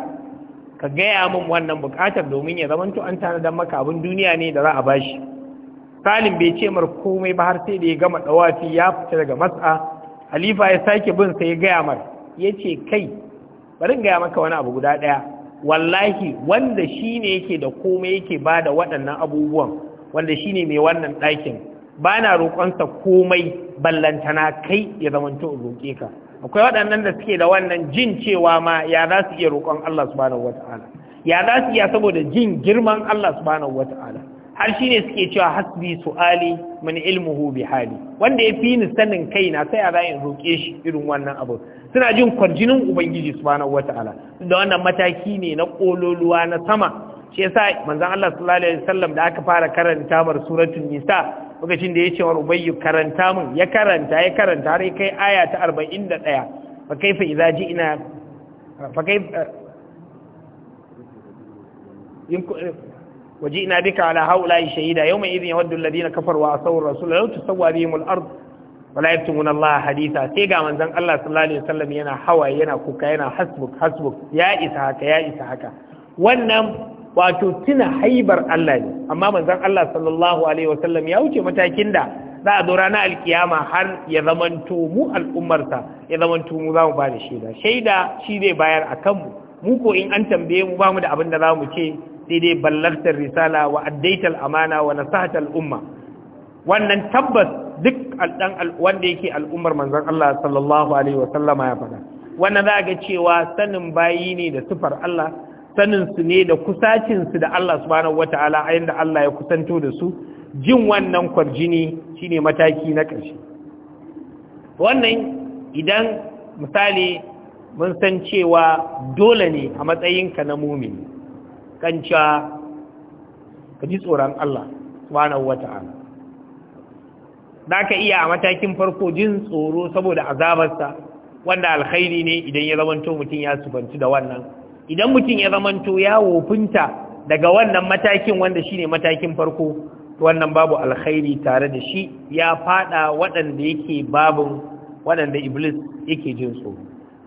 ka gaya min wannan bukatar domin ya zamanto an tanadar maka abin duniya ne da za a bashi salim bai ce mar komai ba har sai da ya gama dawafi ya fita daga matsa halifa ya sake bin sai ya gaya mar ya ce kai bari gaya maka wani abu guda ɗaya wallahi wanda shi ne yake da komai yake bada waɗannan abubuwan wanda shine mai wannan ɗakin ba na roƙonsa komai ballantana kai ya zamanto in roƙe ka akwai waɗannan da suke da wannan jin cewa ma ya za su iya roƙon Allah subhanahu wata'ala ya za su iya saboda jin girman Allah subhanahu wata'ala har ne suke cewa hasbi su'ali min ilmuhu bi hali wanda ya fi ni sanin kaina sai a zai roƙe shi irin wannan abu suna jin kwarjinin ubangiji subhanahu wata'ala da wannan mataki ne na ƙololuwa na sama shi yasa manzon Allah sallallahu alaihi wasallam da aka fara karanta mar suratul nisa lokacin da yace wa ubayyu karanta mun ya karanta ya karanta har kai aya ta 41 fa kaifa idza ji'na fa kaifa وجئنا بك على هؤلاء شهيدا يومئذ يود الذين كفروا وعصوا الرسول لو تسوى بهم الارض ولا يكتمون الله حديثا sai ga manzon Allah sallallahu alaihi wasallam yana hawaye yana kuka yana hasbuk hasbuk ya isa haka ya isa haka wannan wato tuna haibar Allah ne amma manzon Allah sallallahu alaihi wasallam ya wuce matakin da za a zo ranar alkiyama har ya zamanto mu al'ummarsa ya zamanto mu za mu ba da shaida shaida shi zai bayar a kanmu mu ko in an tambaye mu ba mu da abin da za mu ce sai dai ballartar risala wa amana wa nasahatal umma wannan tabbas duk dan wanda yake al'ummar manzon Allah sallallahu alaihi wasallama ya faɗa wannan za ga cewa sanin bayi ne da sufar Allah saninsu ne da kusacinsu da Allah subhanahu ta'ala a yadda Allah ya kusanto da su jin wannan kwarjini shine mataki na ƙarshe wannan idan misali mun san cewa dole ne a matsayinka na mumini kanca ka ji tsoron Allah subhanahu ta'ala za ka iya a matakin farko jin tsoro saboda azabarsa wanda alkhairi ne idan ya zamanto mutum ya sufanci da wannan idan mutum ya zamanto ya wofinta daga wannan matakin wanda shine matakin farko wannan babu alkhairi tare da shi ya fada waɗanda yake babun waɗanda iblis yake jin so.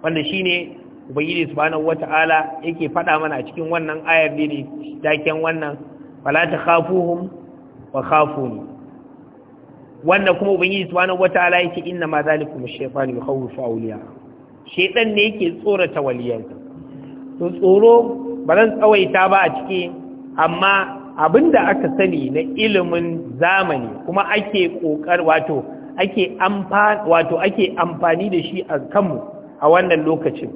wanda shine ubangiji subhanahu wata'ala yake fada mana a cikin wannan ayar da ne taken wannan fala khafuhum wa khafuni wanda kuma ubangiji subhanahu wata'ala yake inna ma zalikum shaytanu yakhawfu awliya shaytan ne yake tsorata waliyansa to tsoro ba zan tsawaita ba a ciki amma abinda aka sani na ilimin zamani kuma ake kokar wato ake amfani wato ake amfani da shi a kanmu a wannan lokacin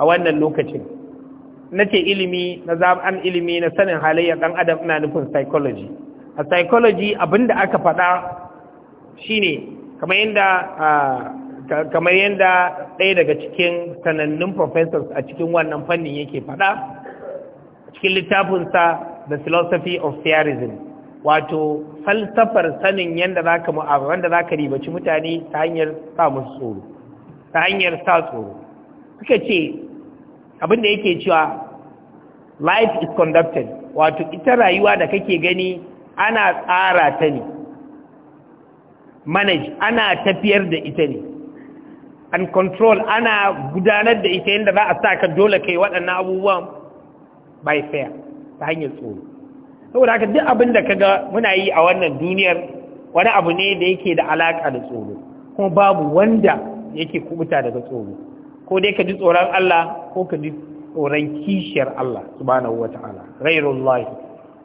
a wannan lokacin nace ilimi na zaman ilimi na sanin halayyar dan adam ina nufin psychology a psychology abinda aka faɗa shine kamar yadda ah, kamar yadda ɗaya daga cikin sanannun professors a cikin wannan fannin yake faɗa cikin littafinsa the philosophy of theorism wato falsafar sanin yadda za ka wanda za ka ribaci mutane ta hanyar sa musu tsoro ta hanyar sa tsoro suka ce abin yake cewa life is conducted wato ita rayuwa da kake gani ana tsara ta ne manage ana tafiyar da ita ne and control ana gudanar da ita yadda za a sa ka dole kai waɗannan abubuwan by fair ta hanyar tsoro saboda haka duk abin da kaga muna yi a wannan duniyar wani abu ne da yake da alaka da tsoro kuma babu wanda yake kubuta daga tsoro ko dai ka ji tsoron Allah ko ka ji tsoron kishiyar Allah subhanahu wata'ala ghairullah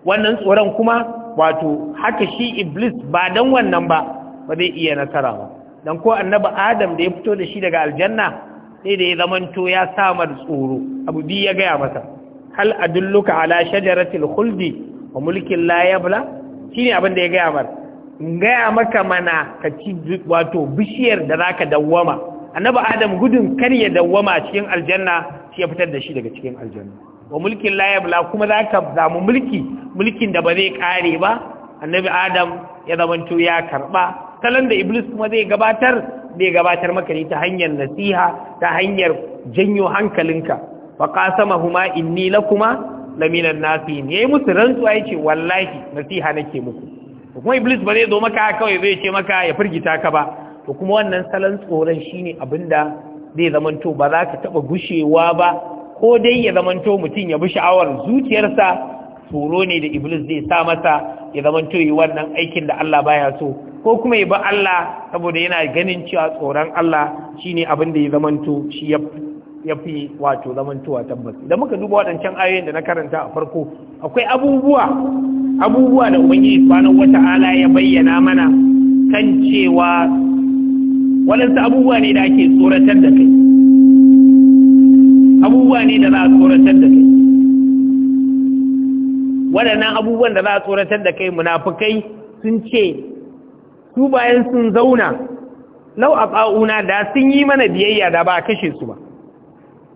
wannan tsoron kuma wato haka shi iblis ba dan wannan ba ba zai iya nasara ba dan ko annabi adam da ya fito da shi daga aljanna sai da ya zamanto ya samar tsoro abu biyu ya gaya masa hal adulluka ala shajaratil khuldi wa mulkin la yabla shine abin da ya gaya mar in gaya maka mana ka ci wato bishiyar da zaka dawwama Annaba adam gudun kar ya dawwama cikin aljanna shi ya fitar da shi daga cikin aljanna wa mulkin la yabla kuma zaka zamu mulki mulkin da ba zai kare ba annabi adam ya zamanto ya karba salon da iblis kuma zai gabatar zai gabatar maka ne ta hanyar nasiha ta hanyar janyo hankalinka fa huma inni lakuma laminan nasin yayi musu rantsuwa ce wallahi nasiha nake muku kuma iblis ba zai zo maka kawai zai ce maka ya firgita ka ba to kuma wannan salon tsoron shine abinda zai zamanto ba za ka taba gushewa ba ko dai ya zamanto mutum ya bi sha'awar zuciyarsa horo ne da iblis zai sa masa ya zama yi wannan aikin da Allah baya so ko kuma ya ba Allah saboda yana ganin cewa tsoron Allah shine abin da ya to shi ya fi wato zamantowa tabbas idan muka duba waɗancan ayoyin da na karanta a farko akwai abubuwa abubuwa da ubangiji subhanahu wata'ala ya bayyana mana kan cewa waɗansu abubuwa ne da ake tsoratar da kai abubuwa ne da za a tsoratar da kai waɗannan abubuwan da za a tsoratar da kai munafukai sun ce su bayan sun zauna lau a tsa'una da sun yi mana biyayya da ba a kashe su ba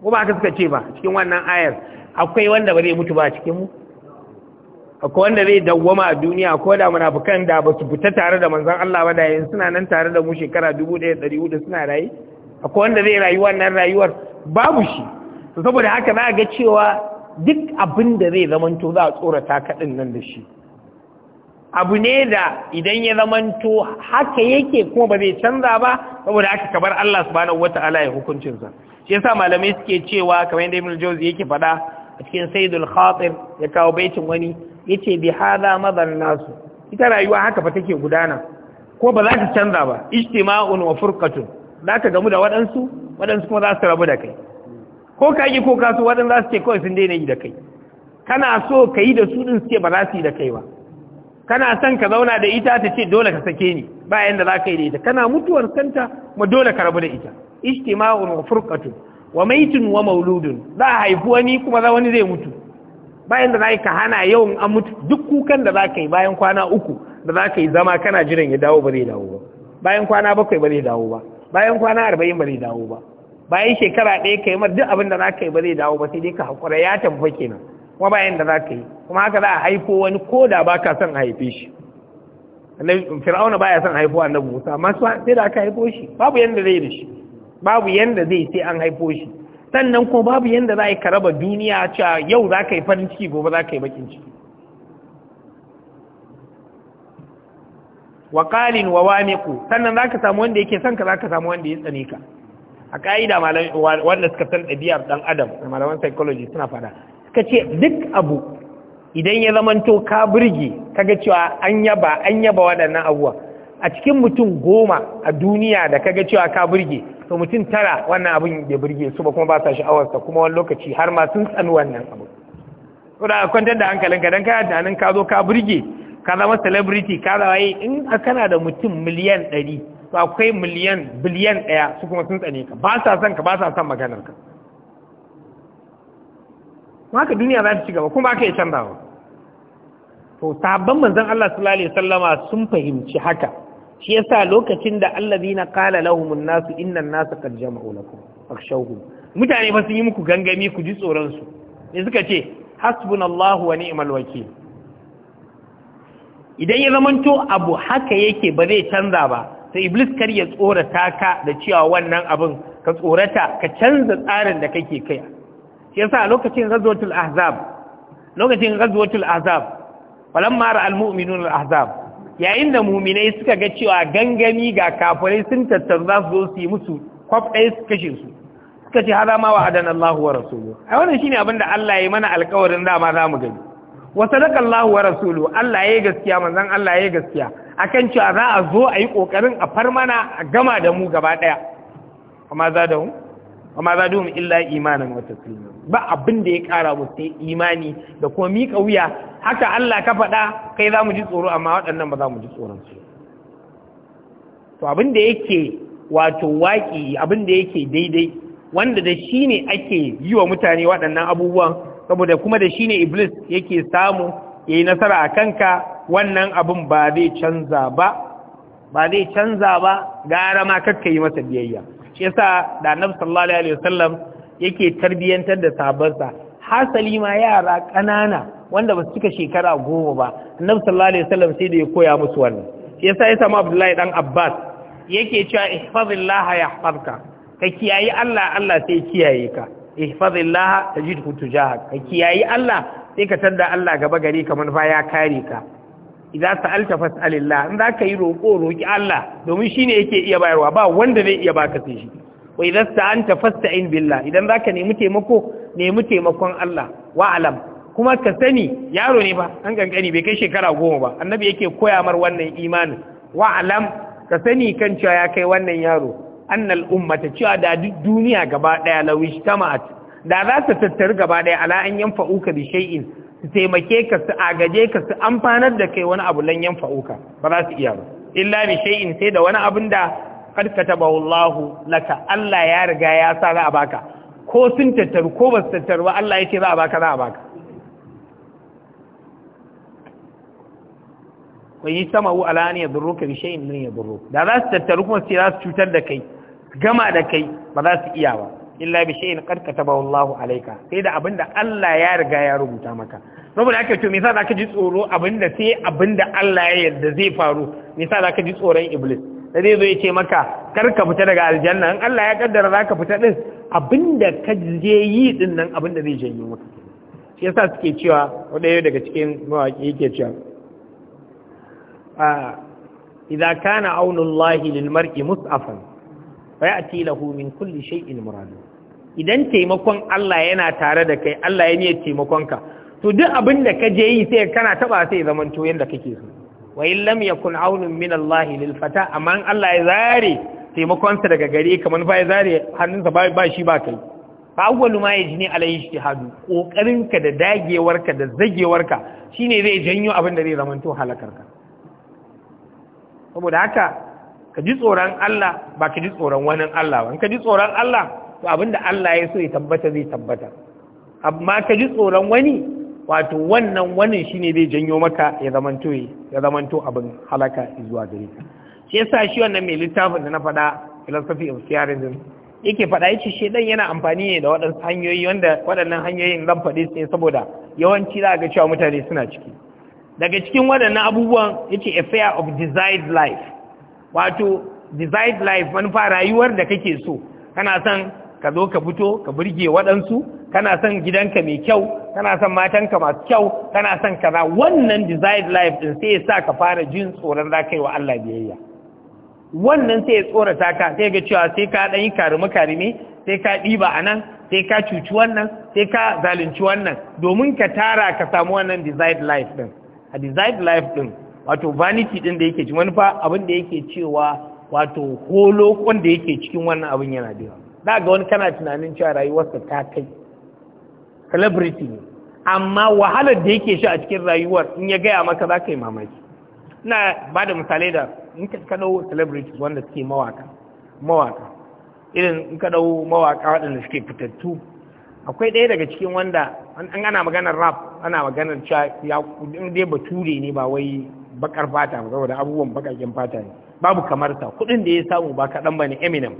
ko ba ka suka ce ba cikin wannan ayar akwai wanda ba zai mutu ba cikin mu akwai wanda zai dawwama a duniya ko da munafukan da ba su fita tare da manzon Allah ba da yanzu suna nan tare da mu shekara dubu hudu suna rayu akwai wanda zai rayu wannan rayuwar babu shi saboda haka za a ga cewa duk abin da zai zamanto za a tsorata kaɗin nan da shi abu ne da idan ya zamanto haka yake kuma ba zai canza ba saboda aka kabar Allah subhanahu wata'ala ya hukuncinsa shi yasa malamai suke cewa kamar yadda Ibn Jawzi yake faɗa a cikin Sayyidul Khatir ya kawo baitin wani yace bi haza madan nasu ita rayuwa haka fa take gudana ko ba za ta canza ba ijtima'un wa furqatun zaka gamu da waɗansu waɗansu kuma za su rabu da kai ko ka yi ko kasu waɗanda za su ce kawai sun daina yi da kai kana so ka yi da su ɗin suke ba za su yi da kai ba kana son ka zauna da ita ta ce dole ka sake ni ba yanda za ka yi da ita kana mutuwar santa ma dole ka rabu da ita ijtima'un wa furqatu wa maitun wa mauludun za a haifi wani kuma za wani zai mutu bayan da za ka hana yawan an mutu duk kukan da za ka yi bayan kwana uku da za ka yi zama kana jiran ya dawo ba zai dawo ba bayan kwana bakwai ba zai dawo ba bayan kwana arba'in ba zai dawo ba bayan shekara ɗaya ka yi mar duk abin da za ka yi ba zai dawo ba sai dai ka haƙura ya tamfa kenan kuma bayan da za ka yi kuma haka za a haifo wani ko da ba ka son a haife shi fir'auna baya son haifo a nabu musa amma sai da aka haifo shi babu yanda zai da shi babu yanda zai sai an haifo shi sannan kuma babu yanda za a yi karaba duniya cewa yau za ka yi farin ciki gobe za ka yi bakin ciki wa ƙalin wa ku sannan ka samu wanda yake son ka ka samu wanda ya tsane ka a ka'ida wanda suka san ɗabi'ar ɗan adam da malaman psychology suna fada suka ce duk abu idan ya zamanto ka burge ga cewa an yaba an yaba waɗannan abuwa a cikin mutum goma a duniya da ka ga cewa ka burge to mutum tara wannan abin ya burge su ba kuma ba sa sha'awarsa kuma wani lokaci har ma sun tsani wannan abu ko da kwantar da ka dan kana tunanin ka zo ka burge ka zama celebrity ka yi in kana da mutum miliyan ɗari to akwai miliyan biliyan ɗaya su kuma sun tsane ka ba sa son ka ba sa son maganar ka haka duniya za ta ci gaba kuma aka yi canzawa to sabon manzon Allah sallallahu alaihi wasallama sun fahimci haka shi yasa lokacin da allazina qala lahumun nasu innan nasa qad jama'u lakum akhshawhum mutane fa sun yi muku gangami ku ji tsoron su ne suka ce hasbunallahu wa ni'mal wakeel idan ya zamanto abu haka yake ba zai canza ba sai iblis kar ya tsorata ka da cewa wannan abin ka tsorata ka canza tsarin da kake kai shi yasa lokacin ghazwatul ahzab lokacin ghazwatul ahzab falamma al mu'minun ahzab yayin da mu'minai suka ga cewa gangami ga kafirai sun tattaru za su zo su yi musu kwaf ɗaya su kashe su suka ce hada ma wa adana Allahu wa rasuluhu ai wannan shine abin da Allah ya mana alƙawarin dama za mu gani wa daga Allah wa rasulu Allah ya yi gaskiya manzan Allah yi gaskiya akan cewa za a zo a yi ƙoƙarin a far mana a gama da mu gaba ɗaya amma za da mu za da mu illa imanin wata sulmi, ba abin da ya kara mu sai imani da kuma miƙa wuya haka Allah ka faɗa kai za mu ji tsoro amma waɗannan ba za mu ji tsoron su to abin da yake wato waƙi abin da yake daidai wanda da shi ne ake yi wa mutane waɗannan abubuwan saboda kuma da shi ne iblis yake samu yayi nasara a kanka wannan abun ba zai canza ba ba zai canza ba gara ma kakka yi masa biyayya shi yasa da na sallallahu alaihi wasallam yake tarbiyyantar da sahabbansa hasali ma yara ƙanana wanda ba su cika shekara goma ba Na sallallahu alaihi wasallam sai da ya koya musu wannan shi yasa ya samu abdullahi dan abbas yake cewa ihfazillaha yahfazka ka kiyaye Allah Allah sai kiyaye ka ihfazillah tajidhu tujahak ka kiyayi Allah sai ka tanda Allah gaba gari ka manfa ya kare ka idan sa'alta fas'alillah in zaka yi roko roki Allah domin shine yake iya bayarwa ba wanda zai iya baka sai shi wa idan sa'anta fasta'in billah idan zaka nemi taimako nemi taimakon Allah wa alam kuma ka sani yaro ne ba an kankani bai kai shekara goma ba annabi yake koya mar wannan imanin wa alam ka sani kan cewa ya kai wannan yaro annal ummata cewa da duk duniya gaba daya lawish tama'at da za su tattaru gaba daya ala an fa'uka bi shay'in su taimake ka su agaje ka su amfanar da kai wani abu lan fa'uka ba za su iya ba illa bi shay'in sai da wani abin da kad katabahu Allah laka Allah ya riga ya sa za a baka ko sun tattaru ko ba su tattaru ba Allah ya ce za a baka za a baka wa yi sama wu ala an yadurruka bi shay'in min yadurruk da za su tattaru kuma sai za su cutar da kai gama da kai ba za su iya ba illa bi shay'in qad kataba Allahu alayka sai da abinda Allah ya riga ya rubuta maka saboda ake to me yasa zaka ji tsoro abinda sai abinda Allah ya yarda zai faru me yasa zaka ji tsoron iblis da zai zo ya ce maka kar ka fita daga aljanna in Allah ya kaddara zaka fita din abinda ka je yi din nan abinda zai janyo maka shi yasa suke cewa wadaya daga cikin mawaki yake cewa a ah, idza kana aunullahi lil mar'i mus'afan fa a lahu min kulli shay'in murad idan taimakon Allah yana tare da kai Allah ya niyyar taimakon ka to duk abin da ka je yi sai kana taba sai zaman to yanda kake so wa in lam yakun aunun min Allah lil fata amma Allah ya zare taimakonsa daga gare kamar ba ya zare hannunsa ba ba shi ba kai fa awwalu ma yajni alayhi ijtihadu kokarinka da dagewarka da zagewarka shine zai janyo abin da zai zaman to halakarka saboda haka ka ji tsoron Allah ba ka ji tsoron wani Allah ba ka ji tsoron Allah to abinda Allah ya so ya tabbata zai tabbata amma ka ji tsoron wani wato wannan wani shine zai janyo maka ya zamanto ya zamanto abin halaka zuwa gare ka shi yasa shi wannan mai littafin da na faɗa philosophy of theorism yake faɗa shi ɗan yana amfani ne da waɗansu hanyoyi wanda waɗannan hanyoyin zan faɗi su ne saboda yawanci za a ga cewa mutane suna ciki daga cikin waɗannan abubuwan yace a fair of desired life wato desired life manufa rayuwar da kake so kana son ka zo ka fito ka burge waɗansu kana son gidanka mai kyau kana son matanka masu kyau kana son kaza wannan desired life din sai ya sa ka fara jin tsoron za ka yi wa Allah biyayya wannan sai ya tsorata ka sai ga cewa sai ka ɗan yi karimi karime sai ka ɗiba a nan sai ka cuci wannan sai ka zalunci wannan domin ka tara ka samu wannan desired life din a desired life din wato vanity din da yake ci manufa abin da yake cewa wato holo da yake cikin wannan abin yana da yawa Da ga wani kana tunanin cewa rayuwarsa ta kai celebrity ne amma wahalar da yake shi a cikin rayuwar in ya gaya maka za ka yi mamaki ina ba da misalai da in ka kaɗau celebrities wanda suke mawaka mawaka irin in ka ɗau mawaka waɗanda suke fitattu akwai ɗaya daga cikin wanda an ana maganar rap ana maganar cewa ya dai bature ne ba wai bakar fata saboda abubuwan bakakin fata ne babu kamar ta kudin da ya samu ba kaɗan bane ne eminem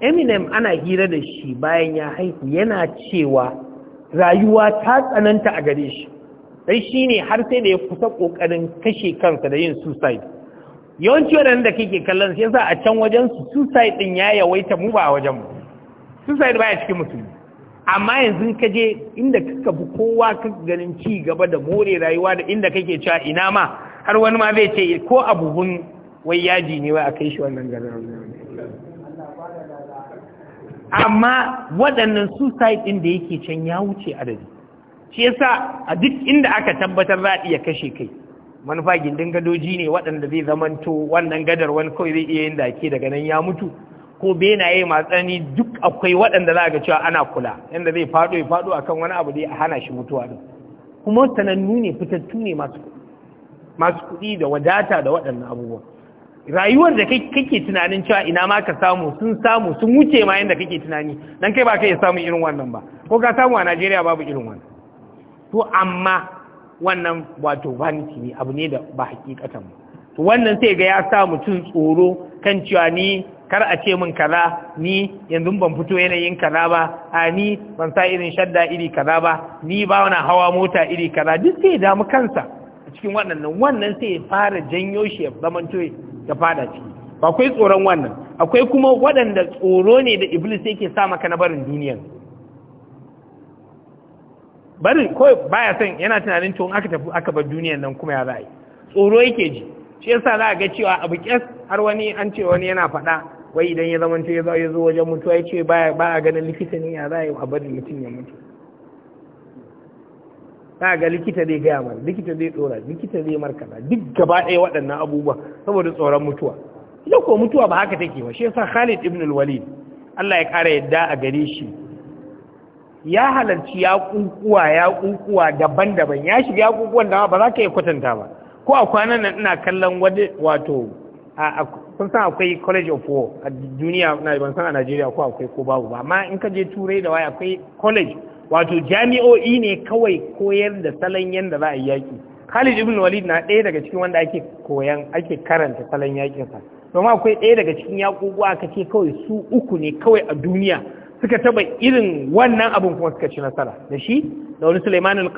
eminem ana hira da shi bayan ya haihu yana cewa rayuwa ta tsananta a gare shi sai shi ne har sai da ya kusa ƙoƙarin kashe kansa da yin suicide yawanci waɗanda da kake kallon sai yasa a can wajen su suicide ɗin ya yawaita mu ba a wajen mu suicide baya cikin musulmi amma yanzu ka je inda kaka bi kowa ka ganin ci gaba da more rayuwa da inda kake cewa ina ma har wani ma zai ce ko abubuwan wai yaji ne wai a kai shi wannan garin amma waɗannan suicide ɗin da yake can ya wuce adadi shi yasa a duk inda aka tabbatar za a iya kashe kai manufa gindin gadoji ne waɗanda zai zamanto wannan gadar wani kawai zai iya yin da dake daga nan ya mutu ko benaye matsani duk akwai waɗanda za ga cewa ana kula yadda zai faɗo ya faɗo akan wani abu dai a hana shi mutuwa din kuma sanannu ne fitattu ne masu kuɗi da wadata da waɗannan abubuwa rayuwar da kake tunanin cewa ina ma ka samu sun samu sun wuce ma yadda kake tunani dan kai ba ka iya samun irin wannan ba ko ka samu a Najeriya babu irin wannan to amma wannan wato vanity ne abu ne da ba hakikatan ba to wannan sai ga ya sa mutum tsoro kan cewa ni kar a ce min kaza ni yanzu ban fito yanayin kaza ba a ni ban sa irin shadda iri kaza ba ni ba wani hawa mota iri kaza duk sai ya damu kansa a cikin waɗannan wannan sai ya fara janyo shi ya to ya fada ciki ba akwai tsoron wannan akwai kuma waɗanda tsoro ne da iblis yake sa maka na barin duniyan barin ko baya son yana tunanin to aka tafi aka bar duniyan nan kuma ya za yi tsoro yake ji shi yasa za a ga cewa abu kyas har wani an ce wani yana faɗa wai idan ya zama ya zo ya zo wajen mutuwa ya ce ba a ganin likita ne ya zai a yi bari mutum ya mutu za ga likita zai gaya mana likita zai tsora likita zai markada duk gaba ɗaya waɗannan abubuwa saboda tsoron mutuwa idan ko mutuwa ba haka take ba shi yasa Khalid ibn al-Walid Allah ya ƙara yadda a gare shi ya halarci ya kunkuwa ya kunkuwa daban-daban ya shiga ya kunkuwan da ba za ka yi kwatanta ba ko a kwanan nan ina kallon wato kun san akwai college of war a duniya na ban san a Najeriya ko akwai ko babu ba amma in ka je turai da waya akwai college wato jami'o'i ne kawai koyar da salon yadda za a yi yaki Khalid ibn Walid na ɗaya daga cikin wanda ake koyan ake karanta salon yakin sa domin akwai ɗaya daga cikin yakubu aka ce kawai su uku ne kawai a duniya suka taba irin wannan abin kuma suka ci nasara da shi da wani Suleiman al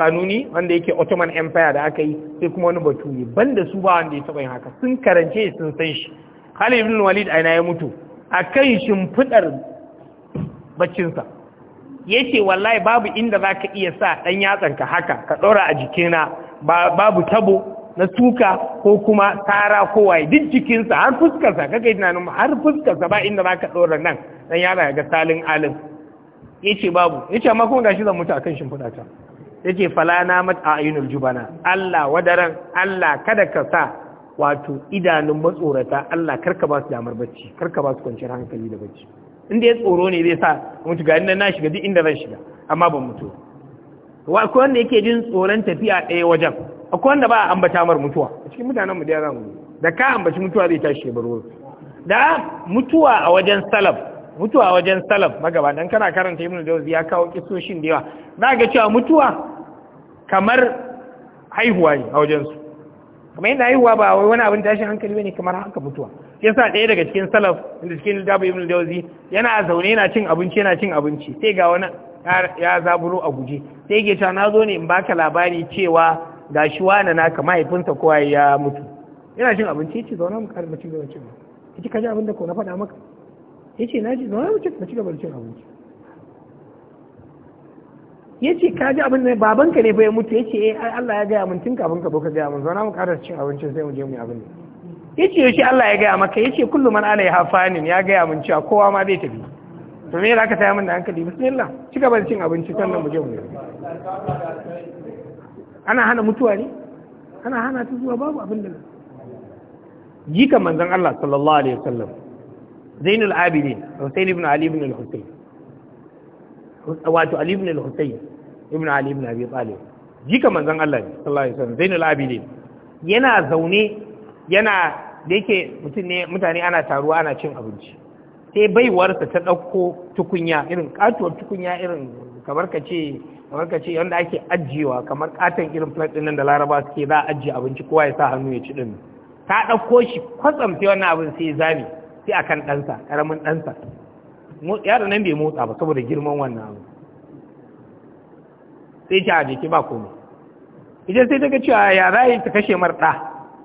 wanda yake Ottoman Empire da aka yi sai kuma wani Baturi banda su ba wanda ya taba yin haka sun karance sun san shi Khalid ibn Walid aina ya mutu a kan shimfidar baccinsa yace wallahi babu inda zaka iya sa dan ka haka ka ɗora a jikina babu tabo na tuka ko kuma tara ko waye duk jikinsa har fuskarsa kaga ina nan har fuskarsa ba inda zaka ɗora nan dan yara ga salin alim yace babu yace amma kuma gashi zan mutu akan shimfida ta yace fala na mat ayinul jubana Allah wadaran Allah kada ka sa wato idanun matsorata Allah karka ba su damar bacci karka ba su kwanciyar hankali da bacci inda ya tsoro ne zai sa mutu ga inda na shiga duk inda zan shiga amma ban mutu wa akwai wanda yake jin tsoron tafiya ɗaya wajen akwai wanda ba a ambata mar mutuwa a cikin mutanen mu da yaran da ka ambaci mutuwa zai tashi ya baro da mutuwa a wajen salaf mutuwa a wajen salaf magaba dan kana karanta ibnu jawzi ya kawo kisoshin da yawa za ga cewa mutuwa kamar haihuwa ne a wajen su kamar yadda haihuwa ba wai wani abin tashin hankali bane kamar haka mutuwa sa ɗaya daga cikin salaf inda cikin dabu ibn jawzi yana zaune yana cin abinci yana cin abinci sai ga wani ya zaburo a guje sai ke cewa na zo ne in baka labari cewa ga shi wani naka mahaifinsa kowa ya mutu yana cin abinci ya ce zaune mu gaba cin abinci ka kaji abin da ko na faɗa maka ya ce na ji zaune mu ci gaba cin abinci ya ce ka ji abin da babanka ne fa ya mutu ya ce eh, Allah ya gaya mutum kafin ka boka ka gaya mutum zauna mu karar cin abincin sai mu je mu yi abin ce yaushe Allah ya gaya maka ce kullu man alaiha fanin ya gaya mun cewa kowa ma zai tafi to me za ka taya min da hankali bismillah ci gaba da cin abinci sannan mu je mu ana hana mutuwa ne ana hana ta zuwa babu abin da jika manzon Allah sallallahu alaihi wasallam Zainul Abidin Hussein ibn Ali ibn al-Husayn wato Ali ibn al-Husayn ibn ali ibn abi talib jika manzon Allah ne sallallahu alaihi wasallam zainul abidin yana zaune yana da yake mutum ne mutane ana taruwa ana cin abinci sai baiwarsa ta ɗauko tukunya irin katuwar tukunya irin kamar ka ce kamar ka wanda ake ajiyewa kamar katon irin plate ɗin nan da laraba suke za a ajiye abinci kowa ya sa hannu ya ci din ta ɗauko shi kwatsam sai wannan abin sai zame sai akan ɗansa ƙaramin ɗansa yaro nan bai motsa ba saboda girman wannan abin. sai ce a jeki ba komai idan sai ta ga cewa ya za ta kashe marɗa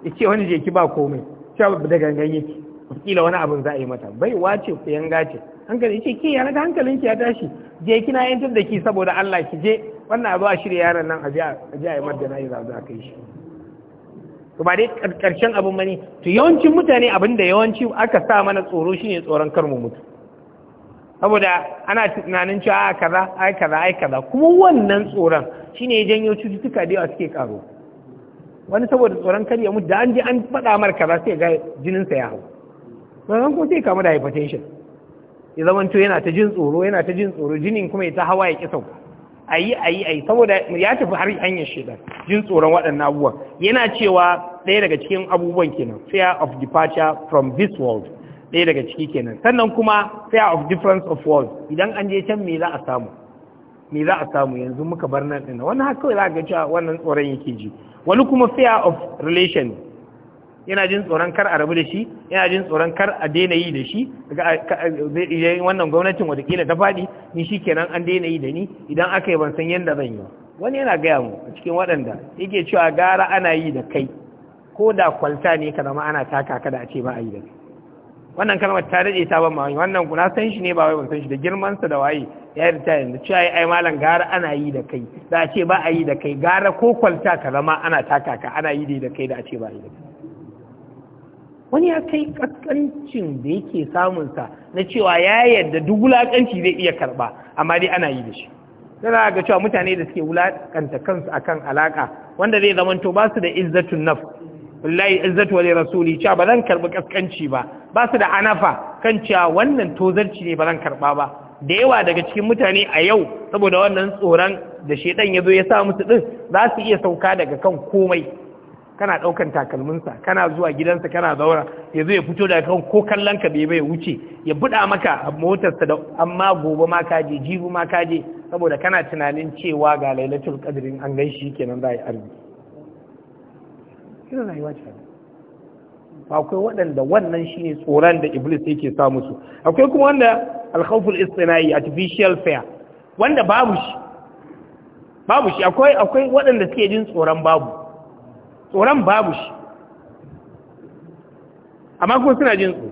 ya ce wani jeki ba komai cewa da gangan yake wakila wani abin za a yi mata bai wace ku yanga ce hankali ce ke naga hankalin hankalinki ya tashi je kina yantar da ki saboda Allah ki je wannan abu a shirya yaran nan a je a yi mata na yi za a kai shi to ba dai karshen abin mani to yawancin mutane abin da yawanci aka sa mana tsoro shine tsoron kar mu mutu saboda ana tunanin cewa a kaza ai kaza ai kaza kuma wannan tsoron shine ya janyo cututtuka da yawa suke karo wani saboda tsoron kar ya mutu da an ji an faɗa mar kaza sai ga jininsa ya hau wannan kuma sai kamu da hypertension ya zamanto yana ta jin tsoro yana ta jin tsoro jinin kuma ya ta hawa ya yi sauka yi a yi saboda ya tafi har hanyar shida jin tsoron waɗannan abubuwan yana cewa ɗaya daga cikin abubuwan kenan fear of departure from this world ɗaya daga ciki kenan sannan kuma fair of difference of words idan an je can me za a samu me za a samu yanzu muka bar nan ɗin wani haka za a ga cewa wannan tsoron yake ji wani kuma fair of relation yana jin tsoron kar a rabu da shi yana jin tsoron kar a daina yi da shi idan wannan gwamnatin watakila ta faɗi ni shi kenan an daina yi da ni idan aka yi ban san yadda zan yi wani yana gaya mu a cikin waɗanda yake cewa gara ana yi da kai ko da kwalta ne kana ma ana taka kada a ce ba a yi da kai wannan kalmar ta daɗe ta ban mamaki wannan kuna san shi ne ba wai ban san shi da girman sa da waye ya yi ta yanzu cewa ai malam gara ana yi da kai da a ce ba a yi da kai gara ko kwalta ka zama ana taka ka ana yi da kai da a ce ba a yi da kai wani ya kai kaskancin da yake samun sa na cewa ya yarda duk wulakanci zai iya karba amma dai ana yi da shi tana ga cewa mutane da suke wulakanta kansu akan alaka wanda zai zamanto ba su da izzatun naf wallahi izzatu wa rasuli cewa ba zan karbi kaskanci ba ba su da hanafa kan cewa wannan tozarci ne ba zan karɓa ba da yawa daga cikin mutane a yau saboda wannan tsoron da shedan ya zo ya sa musu ɗin za su iya sauka daga kan komai kana ɗaukan takalminsa kana zuwa gidansa kana zaura ya zo ya fito daga kan ko kallon ka bai wuce ya buɗa maka motarsa da amma gobe ma kaje jibu ma kaje saboda kana tunanin cewa ga lailatul kadirin an shi kenan za a yi arziki akwai waɗanda wannan shine tsoron da iblis yake samu su? akwai kuma wanda alkhawful istina'i artificial fear wanda babu shi babu shi akwai akwai waɗanda suke jin tsoron babu tsoron babu shi amma kuma suna jin tsoro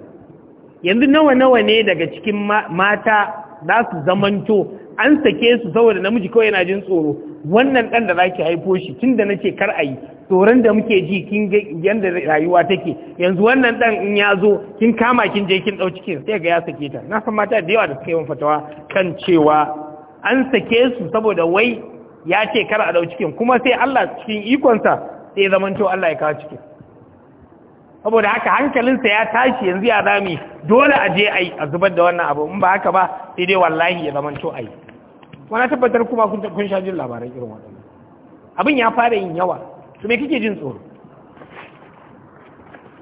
yanzu nawa nawa ne daga cikin mata za su zamanto an sake su saboda namiji kawai yana jin tsoro wannan ɗan da za ki haifo shi tun da na ce kar a yi tsoron da muke ji kin ga yadda rayuwa take yanzu wannan ɗan in ya zo kin kama kin je kin ɗau cikin sai ga ya sake ta na san mata da yawa da suka yi fatawa kan cewa an sake su saboda wai ya ce kar a ɗau cikin kuma sai Allah cikin ikonsa sai zaman to Allah ya kawo cikin saboda haka hankalinsa ya tashi yanzu ya rami dole a je a yi a zubar da wannan abu in ba haka ba sai dai wallahi ya zaman to a yi wani tabbatar kuma kun sha jin labaran irin waɗannan abin ya fara yin yawa Su me kake jin tsoro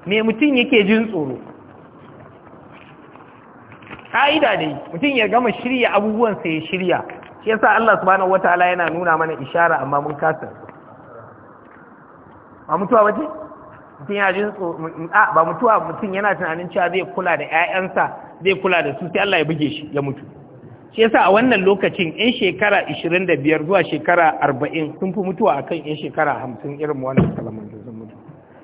me mutum yake jin tsoro ka'ida ne mutum ya gama shirya abubuwansa ya shirya shi yasa Allah subhanahu wataala yana nuna mana ishara amma mun kasa ba mutuwa ba ce? mutum ya jin tsoro ba mutuwa mutum yana tunanin cewa zai kula da ƴaƴansa zai kula da su sai Allah ya buge shi ya mutu shi yasa a wannan lokacin yan shekara 25 zuwa shekara 40 sun fi mutuwa a kan yan shekara 50 irin wannan kalaman da sun mutu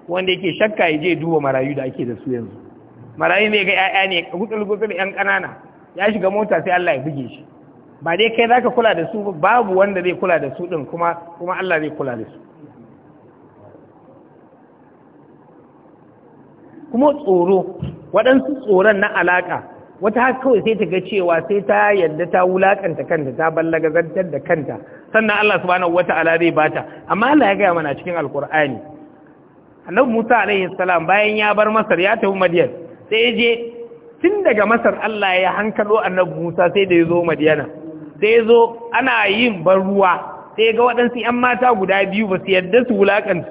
wanda yake shakka ya je duba marayu da ake da su yanzu marayu ne ga 'ya'ya ne gutsul gutsul yan ƙanana ya shiga mota sai Allah ya buge shi ba dai kai zaka kula da su babu wanda zai kula da su din kuma kuma Allah zai kula da su kuma tsoro waɗansu tsoron na alaƙa wata haka kawai sai ta ga cewa sai ta yadda ta wulakanta kanta ta ballagazantar da kanta sannan Allah subhanahu wata'ala zai bata amma Allah ya gaya mana cikin alkur'ani annabi Musa alaihi salam bayan ya bar Masar ya tafi Madiyan sai je tun daga Masar Allah ya hankalo annabi Musa sai da ya zo Madiyana sai ya zo ana yin ban ruwa sai ga waɗansu 'yan mata guda biyu ba su yadda su wulaƙanta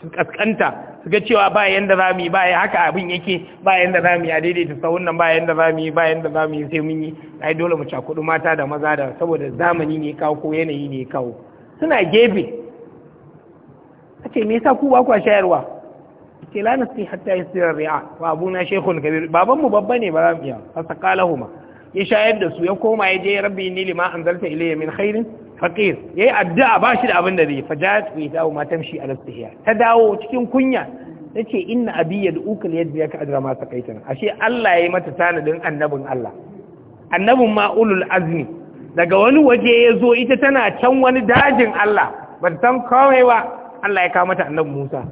su kaskanta su ga cewa ba yanda za mu yi ba haka abin yake ba yanda za mu yi a daidaita sahun nan ba yanda za mu yi ba za mu yi sai mun yi ai dole mu cakudu mata da maza da saboda zamani ne kawo ko yanayi ne kawo suna gebe a ce me yasa ku ba kwa shayarwa ke hatta ri'a wa abuna kabir baban mu babba ne ba za mu iya fasakalahuma ya shayar da su ya koma ya je rabbi ni lima anzalta ilayya min khairin faqir yi addu'a ba shi da abin da zai fajat wa dawo ma tamshi a istihya ta dawo cikin kunya tace inna abi yadda ya ka adra ma saqaitana ashe Allah yayi mata tanadin annabin Allah annabin ma ulul azmi daga wani waje ya zo ita tana can wani dajin Allah ba ta san kawai ba Allah ya kawo mata annabi Musa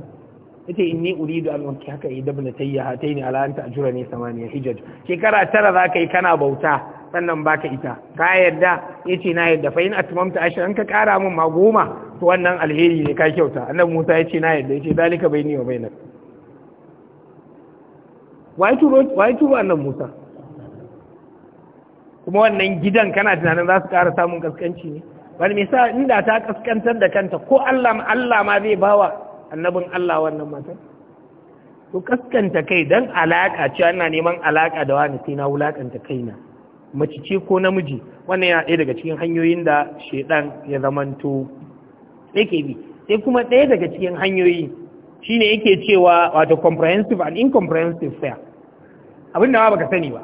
ce inni uridu da wanki haka idan na tayya hataini a anta ne samaniya hijaj shekara tara zaka yi kana bauta sannan baka ita ka yadda yace na yadda fa in atmamta ashran ka kara min ma goma to wannan alheri ne ka kyauta annabi Musa yace na yadda yace dalika baini wa bainak wai turo wai turo annabi Musa kuma wannan gidan kana tunanin za su kara samun kaskanci ne wani misa inda ta kaskantar da kanta ko Allah Allah ma zai bawa annabin Allah wannan matar to kaskanta kai don alaƙa ce ana neman alaƙa da wani sai na wulaƙanta kaina macice ce ko namiji wannan yana daga cikin hanyoyin da shaidan ya zamanto yake bi sai kuma ɗaya daga cikin hanyoyi shine yake cewa wato comprehensive and incomprehensive fair abin da ba baka sani ba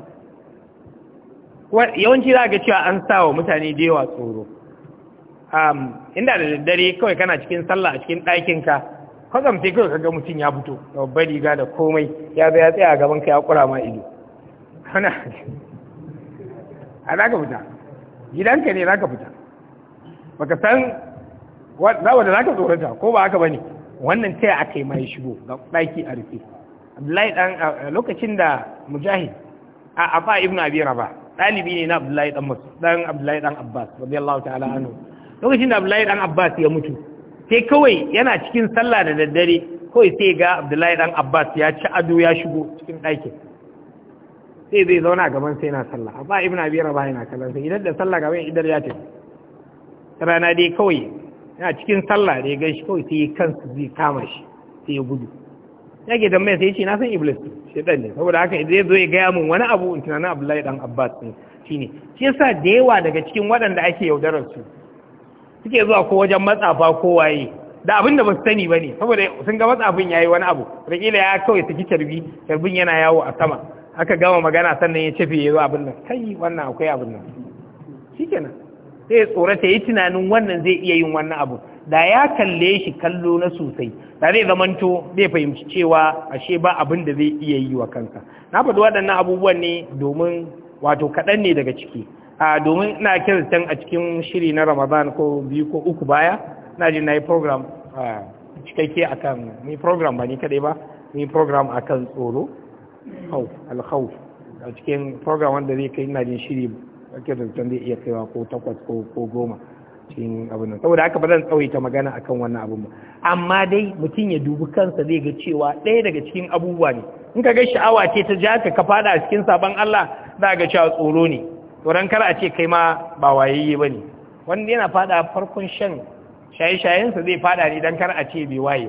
yawanci za ga cewa an sa wa mutane da yawa tsoro um, inda da daddare kawai kana cikin sallah a cikin ɗakinka kwatsam sai kawai kaga mutum ya fito da babbar riga da komai ya zai ya tsaya a gaban ka ya kura ma ido a za ka fita gidanka ne za ka fita baka san wanda za ka tsorata ko ba haka ba ne wannan taya aka yi mai shigo ga ɗaki a rufe abdullahi ɗan lokacin da mujahid a afa ibn abi raba ɗalibi ne na abdullahi ɗan masu ɗan abdullahi ɗan abbas radiyallahu ta'ala anhu lokacin da abdullahi ɗan abbas ya mutu sai kawai yana cikin sallah da daddare kawai sai ga abdullahi ɗan abbas ya ci ado ya shigo cikin ɗakin sai zai zauna gaban sai na sallah ba ibn abi rabah yana kallon sai idan da sallah gaban idan ya tafi rana dai kawai yana cikin sallah da ya gan kawai sai ya kansu zai kama shi sai ya gudu ya ke tambaya sai ya ce na san iblis shaitan ne saboda haka idan zai zo ya gaya min wani abu in tunanin abdullahi dan abbas ne shine shi yasa da yawa daga cikin waɗanda ake yaudarar su suke zuwa ko wajen matsafa ko waye da abin da ba su sani ba ne saboda sun ga matsafin ya yi wani abu rikila ya kawai ki carbi carbin yana yawo a sama aka gama magana sannan ya cefe ya zo abin nan kai wannan akwai abin nan shikenan sai ya tsorata ya tunanin wannan zai iya yin wannan abu da ya kalle shi kallo na sosai da zai zamanto zai fahimci cewa ashe ba abin da zai iya yi wa kansa na faɗi waɗannan abubuwan ne domin wato kaɗan ne daga ciki a domin ina kiristan a cikin shiri na ramadan ko biyu ko uku baya na ji na yi program cikakke akan ni program ba ni kaɗai ba ni program akan tsoro hau alhau a cikin program wanda zai kai ina jin shiri ake da zai iya kaiwa ko takwas ko goma cikin abin nan saboda haka ba zan tsawaita magana akan wannan abin ba amma dai mutum ya dubi kansa zai ga cewa ɗaya daga cikin abubuwa ne in ka ga sha'awa ce ta ja ka fada a cikin sabon Allah za ga cewa tsoro ne tsoron kar a ce kai ma ba wayayye bane wanda yana fada farkon shan shaye-shayensa zai fada ne dan kar a ce bai waye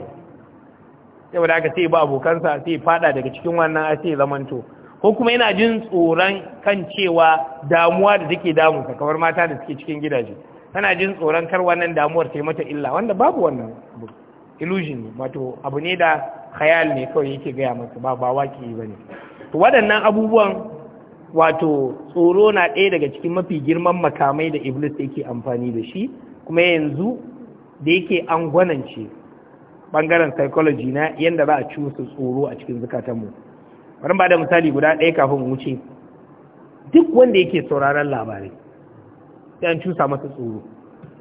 saboda aka sai ba abokansa sai fada daga cikin wannan sai zamanto ko kuma yana jin tsoron kan cewa damuwa da take damunsa kamar mata da suke cikin gidaje tana jin tsoron kar wannan damuwar ta mata illa wanda babu wannan illusion ne wato abu ne da khayal ne kawai yake gaya masa ba ba waki ba ne waɗannan abubuwan wato tsoro na ɗaya daga cikin mafi girman makamai da iblis yake amfani da shi kuma yanzu da yake an gwanance bangaren psychology na yadda za a ci su tsoro a cikin zukatanmu bari ba da misali guda ɗaya kafin wuce duk wanda yake sauraron labarai sai an cusa masa tsoro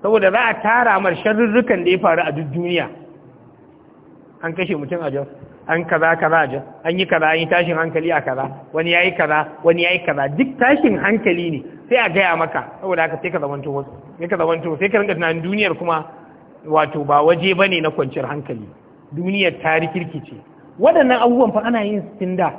saboda za a tara mar sharrurrukan da ya faru a duk duniya an kashe mutum a jos an kaza kaza a jos an yi kaza an yi tashin hankali a kaza wani ya yi kaza wani ya yi kaza duk tashin hankali ne sai a gaya maka saboda haka sai ka zamanto wasu sai ka zamanto sai ka rinka tunanin duniyar kuma wato ba waje ba ne na kwanciyar hankali duniyar ta rikirkice waɗannan abubuwan fa ana yin sun da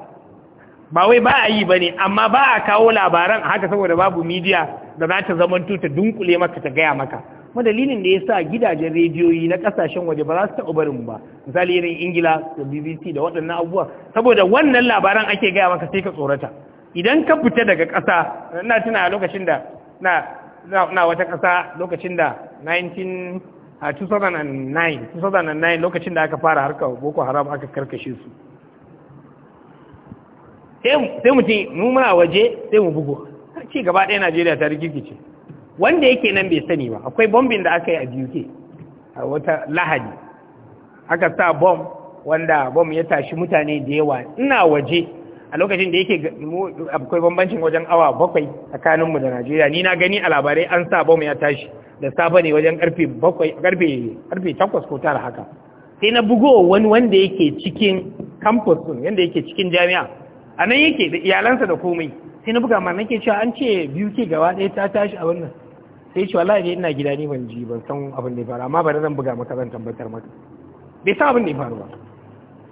ba wai ba a yi ba ne amma ba a kawo labaran haka saboda babu midiya da za ta zama ta dunkule maka ta gaya maka dalilin da ya sa gidajen rediyoyi na kasashen waje ba za su taɓa barin ba misali irin ingila da bbc da waɗannan abubuwa saboda wannan labaran ake gaya maka sai ka tsorata idan ka fita daga ƙasa na tuna lokacin da na wata ƙasa lokacin da a 2009 2009 lokacin da aka fara harkar boko haram aka karkashe su sai mu ce mu muna waje sai mu bugu ci gaba ɗaya najeriya ta rikikice wanda yake nan bai sani ba akwai bombin da aka yi a uk a wata lahadi aka sa bom wanda bom ya tashi mutane da yawa ina waje a lokacin da yake akwai bambancin wajen awa bakwai tsakaninmu da najeriya ni na gani a labarai an sa bom ya tashi da safe ne wajen karfe bakwai karfe karfe takwas ko tara haka sai na bugo wani wanda yake cikin campus din yanda yake cikin jami'a a nan yake da iyalansa da komai sai na buga ma nake cewa an ce biyu ke gaba ɗaya ta tashi a wannan sai ce wallahi ina gida ni ban ji ban san abin da ya faru amma bari zan buga maka zan tabbatar maka bai san abin da ya faru ba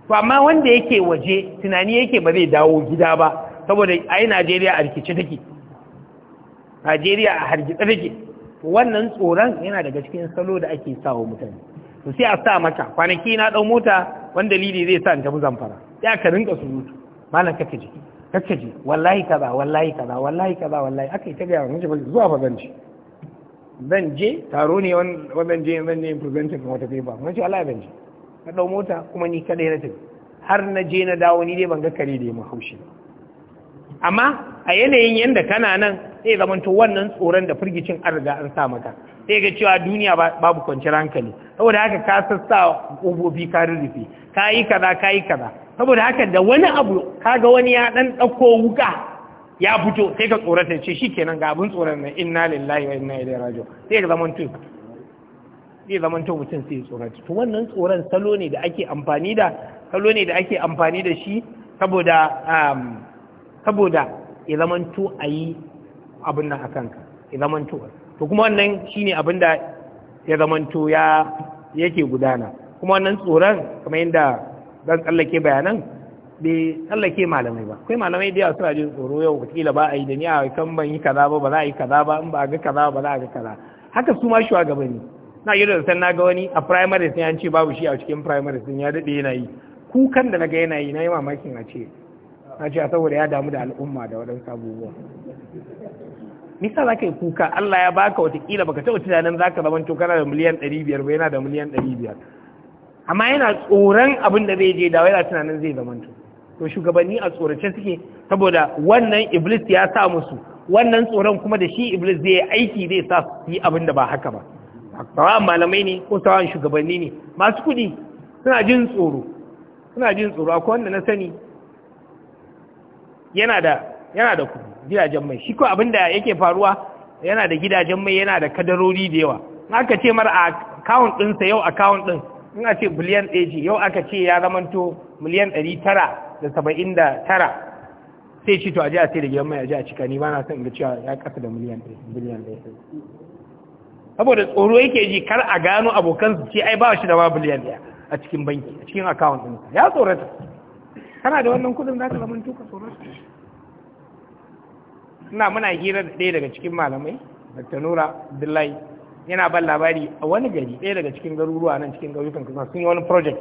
to amma wanda yake waje tunani yake ba zai dawo gida ba saboda ai Najeriya a rikice take Najeriya a hargitsa take to wannan tsoron yana daga cikin salo da ake sawa mutane to sai a sa mata kwanaki na ɗau mota wani dalili zai sa in tafi zamfara ya ka rinka surutu malam kake jiki ka ji wallahi kaza wallahi kaza wallahi kaza wallahi aka yi ta gaya mun ba zuwa fa zan ci zan je taro ne wannan je zan ne presenting kuma wata paper mun ce wallahi zan je na ɗau mota kuma ni kadai na tafi har na je na dawo ni dai ban ga kare da yi mahaushi. ba amma a yanayin yadda kana nan sai to wannan tsoron da firgicin an riga an sa maka sai ga cewa duniya babu kwanciyar hankali saboda haka ka sassa ƙofofi ka rurrufe ka yi kaza ka yi kaza saboda haka da wani abu kaga wani ya dan ɗauko wuka ya fito sai ka tsorata ce shi kenan ga abin tsoron nan inna lillahi wa inna ilaihi raji'un sai zaman to zai zaman to mutum sai tsorata to wannan tsoron salo ne da ake amfani da salo ne da ake amfani da shi saboda um, saboda ya a yi abin nan a kanka ya to kuma wannan shine abin da ya zamanto ya yake gudana kuma wannan tsoron kamar yadda zan tsallake bayanan bai tsallake malamai ba kai malamai da yawa suna jin tsoro yau wakila ba a yi da ni a kan ban yi kaza ba ba za a yi kaza ba in ba a ga kaza ba za a ga kaza haka su ma shugabanni na yi da san na ga wani a primary sun yanci babu shi a cikin primary sun ya daɗe yana yi kukan da na ga yana yi na yi mamakin a ce na cewa saboda ya damu da al'umma da waɗansu abubuwa nisa za ka yi kuka Allah ya baka watakila baka taɓa tunanin za ka zamanto kana da miliyan ɗari biyar ba yana da miliyan ɗari biyar amma yana tsoron abin da zai je dawo yana tunanin zai zamanto to shugabanni a tsorace suke saboda wannan iblis ya sa musu wannan tsoron kuma da shi iblis zai aiki zai sa su yi abin da ba haka ba sawa malamai ne ko sawa shugabanni ne masu kuɗi suna jin tsoro suna jin tsoro akwai wanda na sani yana da yana da gidajen mai shi ko abin da yake faruwa yana da gidajen mai yana da kadarori da yawa in aka ce mara account ɗinsa yau account ɗin in a ce biliyan ɗaya ce yau aka ce ya to miliyan ɗari tara da saba'in da tara sai ci to a ji a sai da gidan mai a ji a cika ni ba na son ga cewa ya kasa da miliyan ɗaya biliyan ɗaya saboda tsoro yake ji kar a gano abokan su ce ai ba shi da ma biliyan ɗaya a cikin banki a cikin account ɗinsa ya tsorata kana da wannan kudin za ka zama tuka tsoron ina muna hira da ɗaya daga cikin malamai dr nura abdullahi yana ban labari a wani gari ɗaya daga cikin garuruwa nan cikin gauyukan kasa sun yi wani project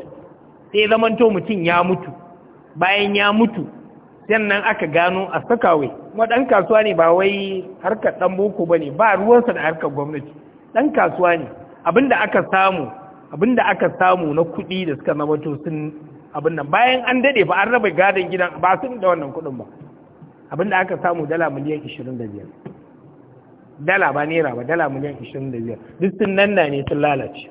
sai to mutum ya mutu bayan ya mutu sannan aka gano a sakawai kuma ɗan kasuwa ne ba wai harkar ɗan boko ba ne ba ruwansa da harkar gwamnati ɗan kasuwa ne abinda aka samu abinda aka samu na kuɗi da suka zama sun abin nan bayan an dade ba an raba gadon gidan ba su da wannan kuɗin ba abin da aka samu dala miliyan 25 dala ba naira ba dala miliyan 25 duk sun nan ne sun lalace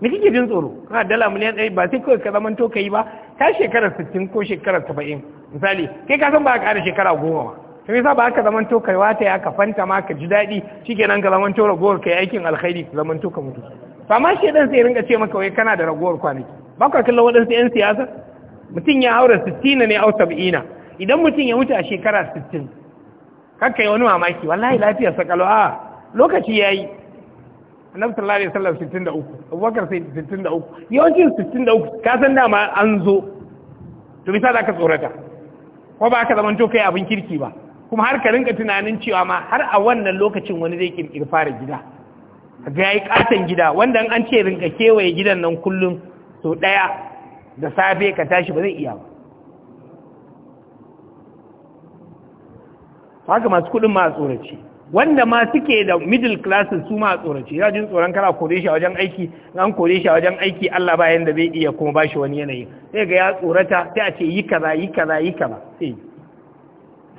me kike jin tsoro ka dala miliyan 1 ba sai kawai ka zaman to kai ba ta shekarar 60 ko shekarar 70 misali kai ka san ba ka ƙara shekara 10 ba to yasa ba ka zaman to kai wata ya ka fanta ma ka ji daɗi shikenan ka zaman to ragowar kai aikin alkhairi ka zaman to ka mutu amma shedan sai ringa ce maka wai kana da ragowar kwanaki ba kallon waɗansu 'yan siyasa mutum ya haura 60 ne au 70 idan mutum ya mutu a shekara 60 kakka yi wani mamaki wallahi lafiya sakalo a lokaci ya yi annabi sallallahu alaihi wasallam 63 abubakar sai 63 yawancin 63 ka san dama an zo to bisa za ka tsorata ko ba ka zaman to kai abin kirki ba kuma har ka rinka tunanin cewa ma har a wannan lokacin wani zai kirkiri fara gida ga yi katon gida wanda an ce rinka kewaye gidan nan kullum so ɗaya da safe ka tashi ba zai iya ba haka masu kudin ma a tsorace wanda ma suke da middle classes su ma a tsorace ya jin tsoron kara kore shi a wajen aiki an kore shi a wajen aiki Allah bayan da bai iya kuma ba shi wani yanayi sai ga ya tsorata sai a ce yi kaza yi kaza yi kaza sai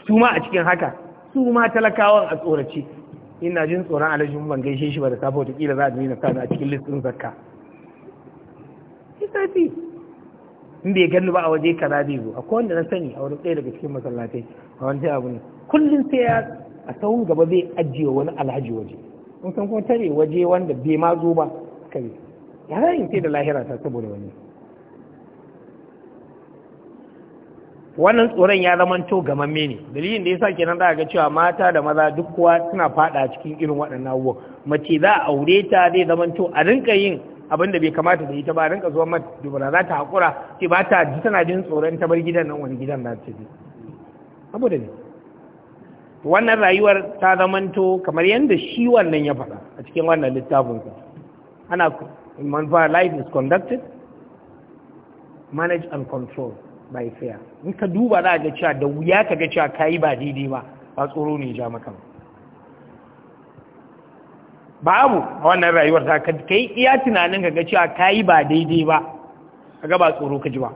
su ma a cikin haka su ma talakawan a tsorace ina jin tsoron alhaji ban gaishe shi ba da safe wata kila za a nuna kana a cikin listin zakka yi zafi in bai gani ba a waje kaza zai zo akwai wanda na sani a wurin ɗaya daga cikin masallatai a wani abu ne kullum sai ya a tsawon gaba zai ajiye wani alhaji waje in san kuma tare waje wanda bai ma zo ba kai ya rayin sai da lahira ta saboda wani wannan tsoron ya ga gamamme ne dalilin da yasa kenan za ga cewa mata da maza duk kowa suna fada cikin irin waɗannan abubuwan mace za a aure ta zai to a rinka yin abin da bai kamata da ita ba ka zuwa mat dubara za ta haƙura ce ba ta ji tana jin tsoron ta bar gidan nan wani gidan za ta abu da ne wannan rayuwar ta zamanto kamar yadda shi wannan ya faɗa a cikin wannan littafin ku ana manfa life is conducted manage and control by fear in ka duba za ga cewa da wuya ka ga cewa kayi ba daidai ba ba tsoro ne ja maka ba babu a wannan rayuwar ta ka kai iya tunanin ka ga cewa kayi ba daidai ba kaga ba tsoro ka ji ba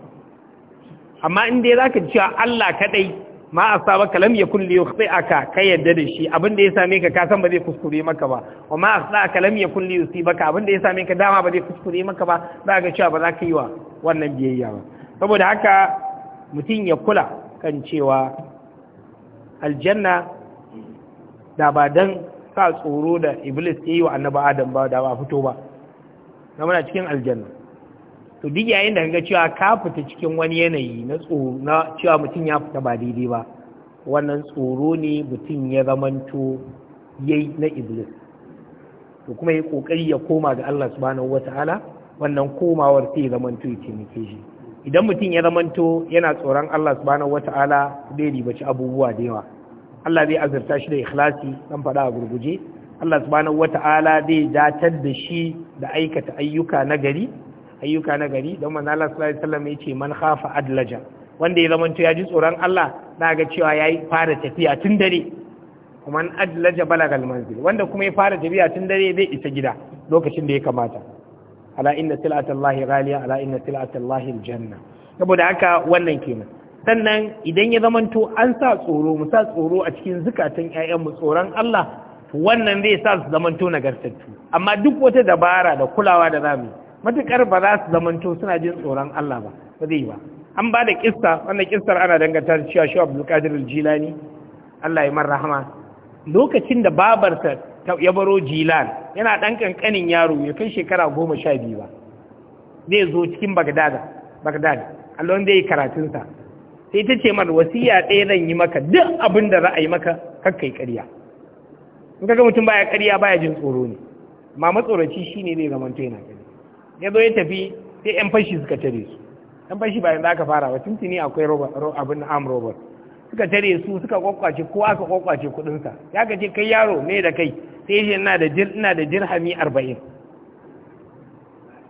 amma in dai zaka ji cewa Allah kadai ma asabaka lam yakun li aka kai yadda da shi abin da ya same ka ka san ba zai kuskure maka ba wa ma asaka lam yakun li yusibaka abin da ya same ka dama ba zai kuskure maka ba zaka cewa ba za ka yi wa wannan biyayya ba saboda haka mutum ya kula kan cewa aljanna da ba dan sa tsoro da iblis ya yi wa annaba adam ba da ba fito ba na muna cikin aljanna to duk yayin da kaga cewa ka fita cikin wani yanayi na tsoro na cewa mutum ya fita ba daidai ba wannan tsoro ne mutum ya zamanto yayi na iblis to kuma ya kokari ya koma ga Allah subhanahu wataala wannan komawar sai ya zamanto ya taimake shi idan mutum ya zamanto yana tsoron Allah subhanahu wataala zai ribaci abubuwa da yawa Allah zai azurta shi da ikhlasi dan faɗa a gurguje Allah subhanahu wata'ala zai datar da shi da aikata ayyuka na gari ayyuka na gari don manzo Allah sallallahu alaihi wasallam yace man khafa adlaja wanda ya zamanto ya ji tsoron Allah na ga cewa yayi fara tafiya tun dare kuma adlaja balagal manzil wanda kuma ya fara tafiya tun dare zai isa gida lokacin da ya kamata ala inna silatallahi ghaliya ala inna aljanna saboda haka wannan kenan sannan idan ya zamanto an sa tsoro mu sa tsoro a cikin zukatan ƴaƴanmu tsoron Allah wannan zai sa su zamanto nagartattu amma duk wata dabara da kulawa da zamu matukar ba za su zamanto suna jin tsoron Allah ba ba zai ba an ba da kissa wannan kissar ana danganta da cewa Shehu Abdul Qadir Jilani Allah ya rahama lokacin da babarsa ya baro Jilan yana dan kankanin yaro ya kai shekara goma sha biyu ba zai zo cikin Bagdad Baghdad Allah zai yi karatunsa sai ta ce mar wasiya ɗaya zan yi maka duk abin da za a yi maka kakkai ƙarya in ga mutum baya ƙarya baya jin tsoro ne ma matsoraci shine zai zama yana ƙarya ya zo ya tafi sai yan fashi suka tare su yan fashi bayan za ka fara ba tuntuni akwai abin am robot suka tare su suka kwakwace ko aka kwakwace kuɗinsa ya ka kai yaro ne da kai sai ya ce ina da dirhami arba'in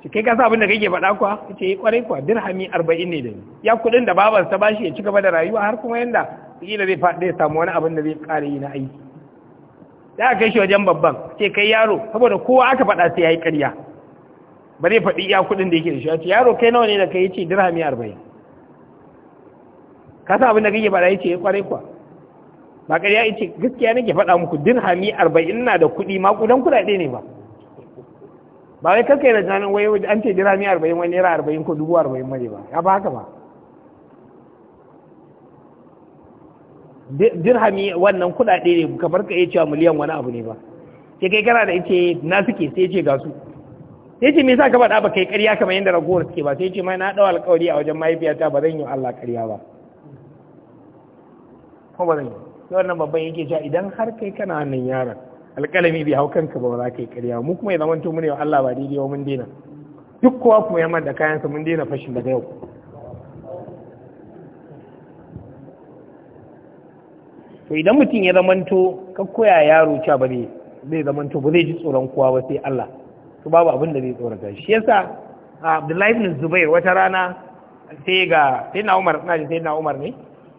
ce kai ka sa abin da kake faɗa kuwa yace yi eh, kwarai kuwa dirhami arba'in ne da ni ya kuɗin da baban sa bashi ya ci gaba da rayuwa har kuma yanda kila zai faɗi ya samu wani abin da zai ƙara yi na aiki da aka kai shi wajen babban ce kai yaro saboda kowa aka faɗa sai ya yi ƙarya ba zai faɗi iya kuɗin da yake da shi ya ce yaro kai nawa ne da kai ce dirhami arba'in ka sa abin da kake faɗa ya yi kwarai eh, kuwa ba ƙarya ce gaskiya nake faɗa muku dirhami arba'in na da kuɗi ma kudan kuɗaɗe ne ba ba wai kake da tunanin wai an ce dirami arba'in wani naira arba'in ko dubu arba'in mai ba ya ba haka ba dirhami wannan kudade ne ka farka ya cewa miliyan wani abu ne ba sai kai kana da ita na suke sai ce ga su sai ce me yasa ka faɗa ba kai ƙarya kamar yadda ragowar suke ba sai ce ma na ɗau alƙawari a wajen mahaifiyata ba zan yi Allah ƙarya ba ko ba zan yi sai wannan babban yake cewa idan har kai kana wannan yaron alƙalami bai hau kanka ba za ka yi ƙarya mu kuma ya zama tun mun yau Allah ba daidai wa mun daina duk kowa kuma ya manta kayansa mun daina fashin daga yau to idan mutum ya zamanto ka koya yaro cewa ba zai zamanto ba zai ji tsoron kowa ba sai Allah to babu abin da zai tsorata shi yasa Abdullahi bin Zubair wata rana sai ga sai na Umar na sai na Umar ne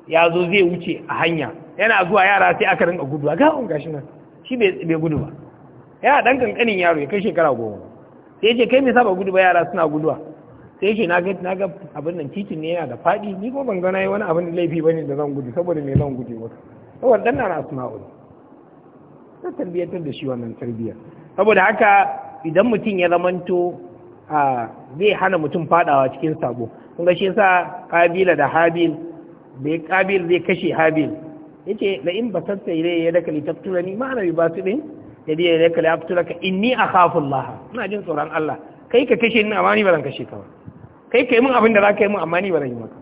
ya zo zai wuce a hanya yana zuwa yara sai aka rinka gudu ga gashi nan shi bai gudu ba ya dan kankanin yaro ya kai shekara goma sai ya ce kai me saba gudu ba yara suna guduwa sai ya ce na ga abin nan titin ne yana da faɗi. ni ko ban gana nayi wani abin da laifi bane da zan gudu saboda me zan gudu wasu saboda dan na asma'u ta tarbiyyar da shi wannan tarbiyyar saboda haka idan mutum ya zamanto zai hana mutum fadawa cikin sabo kun ga shi yasa kabila da habil bai kabil zai kashe habil yace da in ya ilayya yadaka ni ma ana yubasidin yadi yadaka la ka inni akhafu Allah ina jin tsoron Allah kai ka kashe ni amma ni ba kashe ka ba kai kai mun abin da za ka yi mun amma ni ba zan yi maka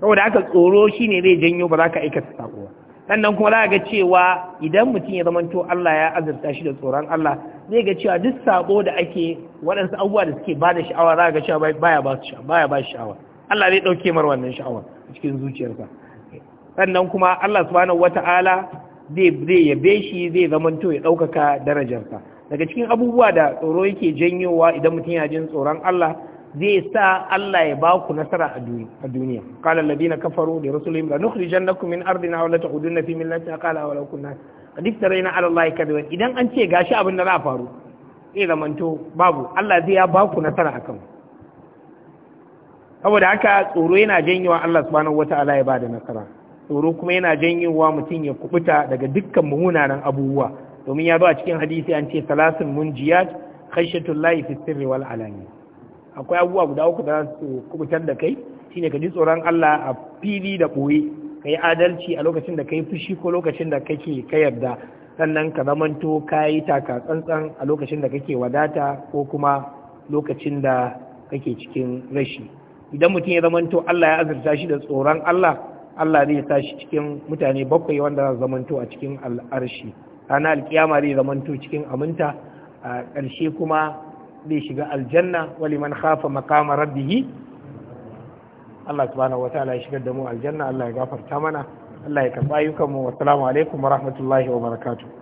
saboda aka tsoro shine zai janyo ba za ka aikata sako ba sannan kuma za ga cewa idan mutum ya zamanto Allah ya azurta shi da tsoron Allah zai ga cewa duk sabo da ake waɗansu abubuwa da suke bada sha'awa za ga cewa baya ba su baya ba sha'awa Allah zai ɗauke mar wannan sha'awa cikin zuciyarsa sannan kuma Allah subhanahu wata'ala zai zai yabe shi zai zamanto ya ɗaukaka darajarsa daga cikin abubuwa da tsoro yake janyowa idan mutum ya jin tsoron Allah zai sa Allah ya baku nasara a duniya qala alladhina kafaru li rusulihim la nukhrijannakum min ardina wa la ta'udunna fi millatina qala wa law kunna qad iftarayna ala allahi kadiban idan an ce gashi abin da za a faru zai zamanto babu Allah zai ya baku nasara akan saboda haka tsoro yana janyowa Allah subhanahu wata'ala ya bada nasara tsoro kuma yana janyowa mutum ya kubuta daga dukkan munanan abubuwa domin ya zo a cikin hadisi an ce salasin munjiyat khashyatul lahi fi sirri alami. akwai abubuwa guda uku da su kubutar da kai shine ka ji tsoron Allah a fili da boye kai adalci a lokacin da kai fushi ko lokacin da kake ka yarda sannan ka zamanto kayi taka tsantsan a lokacin da kake wadata ko kuma lokacin da kake cikin rashi idan mutum ya zamanto Allah ya azurta shi da tsoron Allah Allah zai sa shi cikin mutane bakwai wanda zamanto a cikin al'arshi ana alkiyama zai zamanto cikin aminta a ƙarshe kuma zai shiga aljanna wali man khafa maqama rabbih Allah subhanahu wataala ya shigar da mu aljanna Allah ya gafarta mana Allah ya karɓa ayyukan mu assalamu alaikum wa rahmatullahi wa barakatuh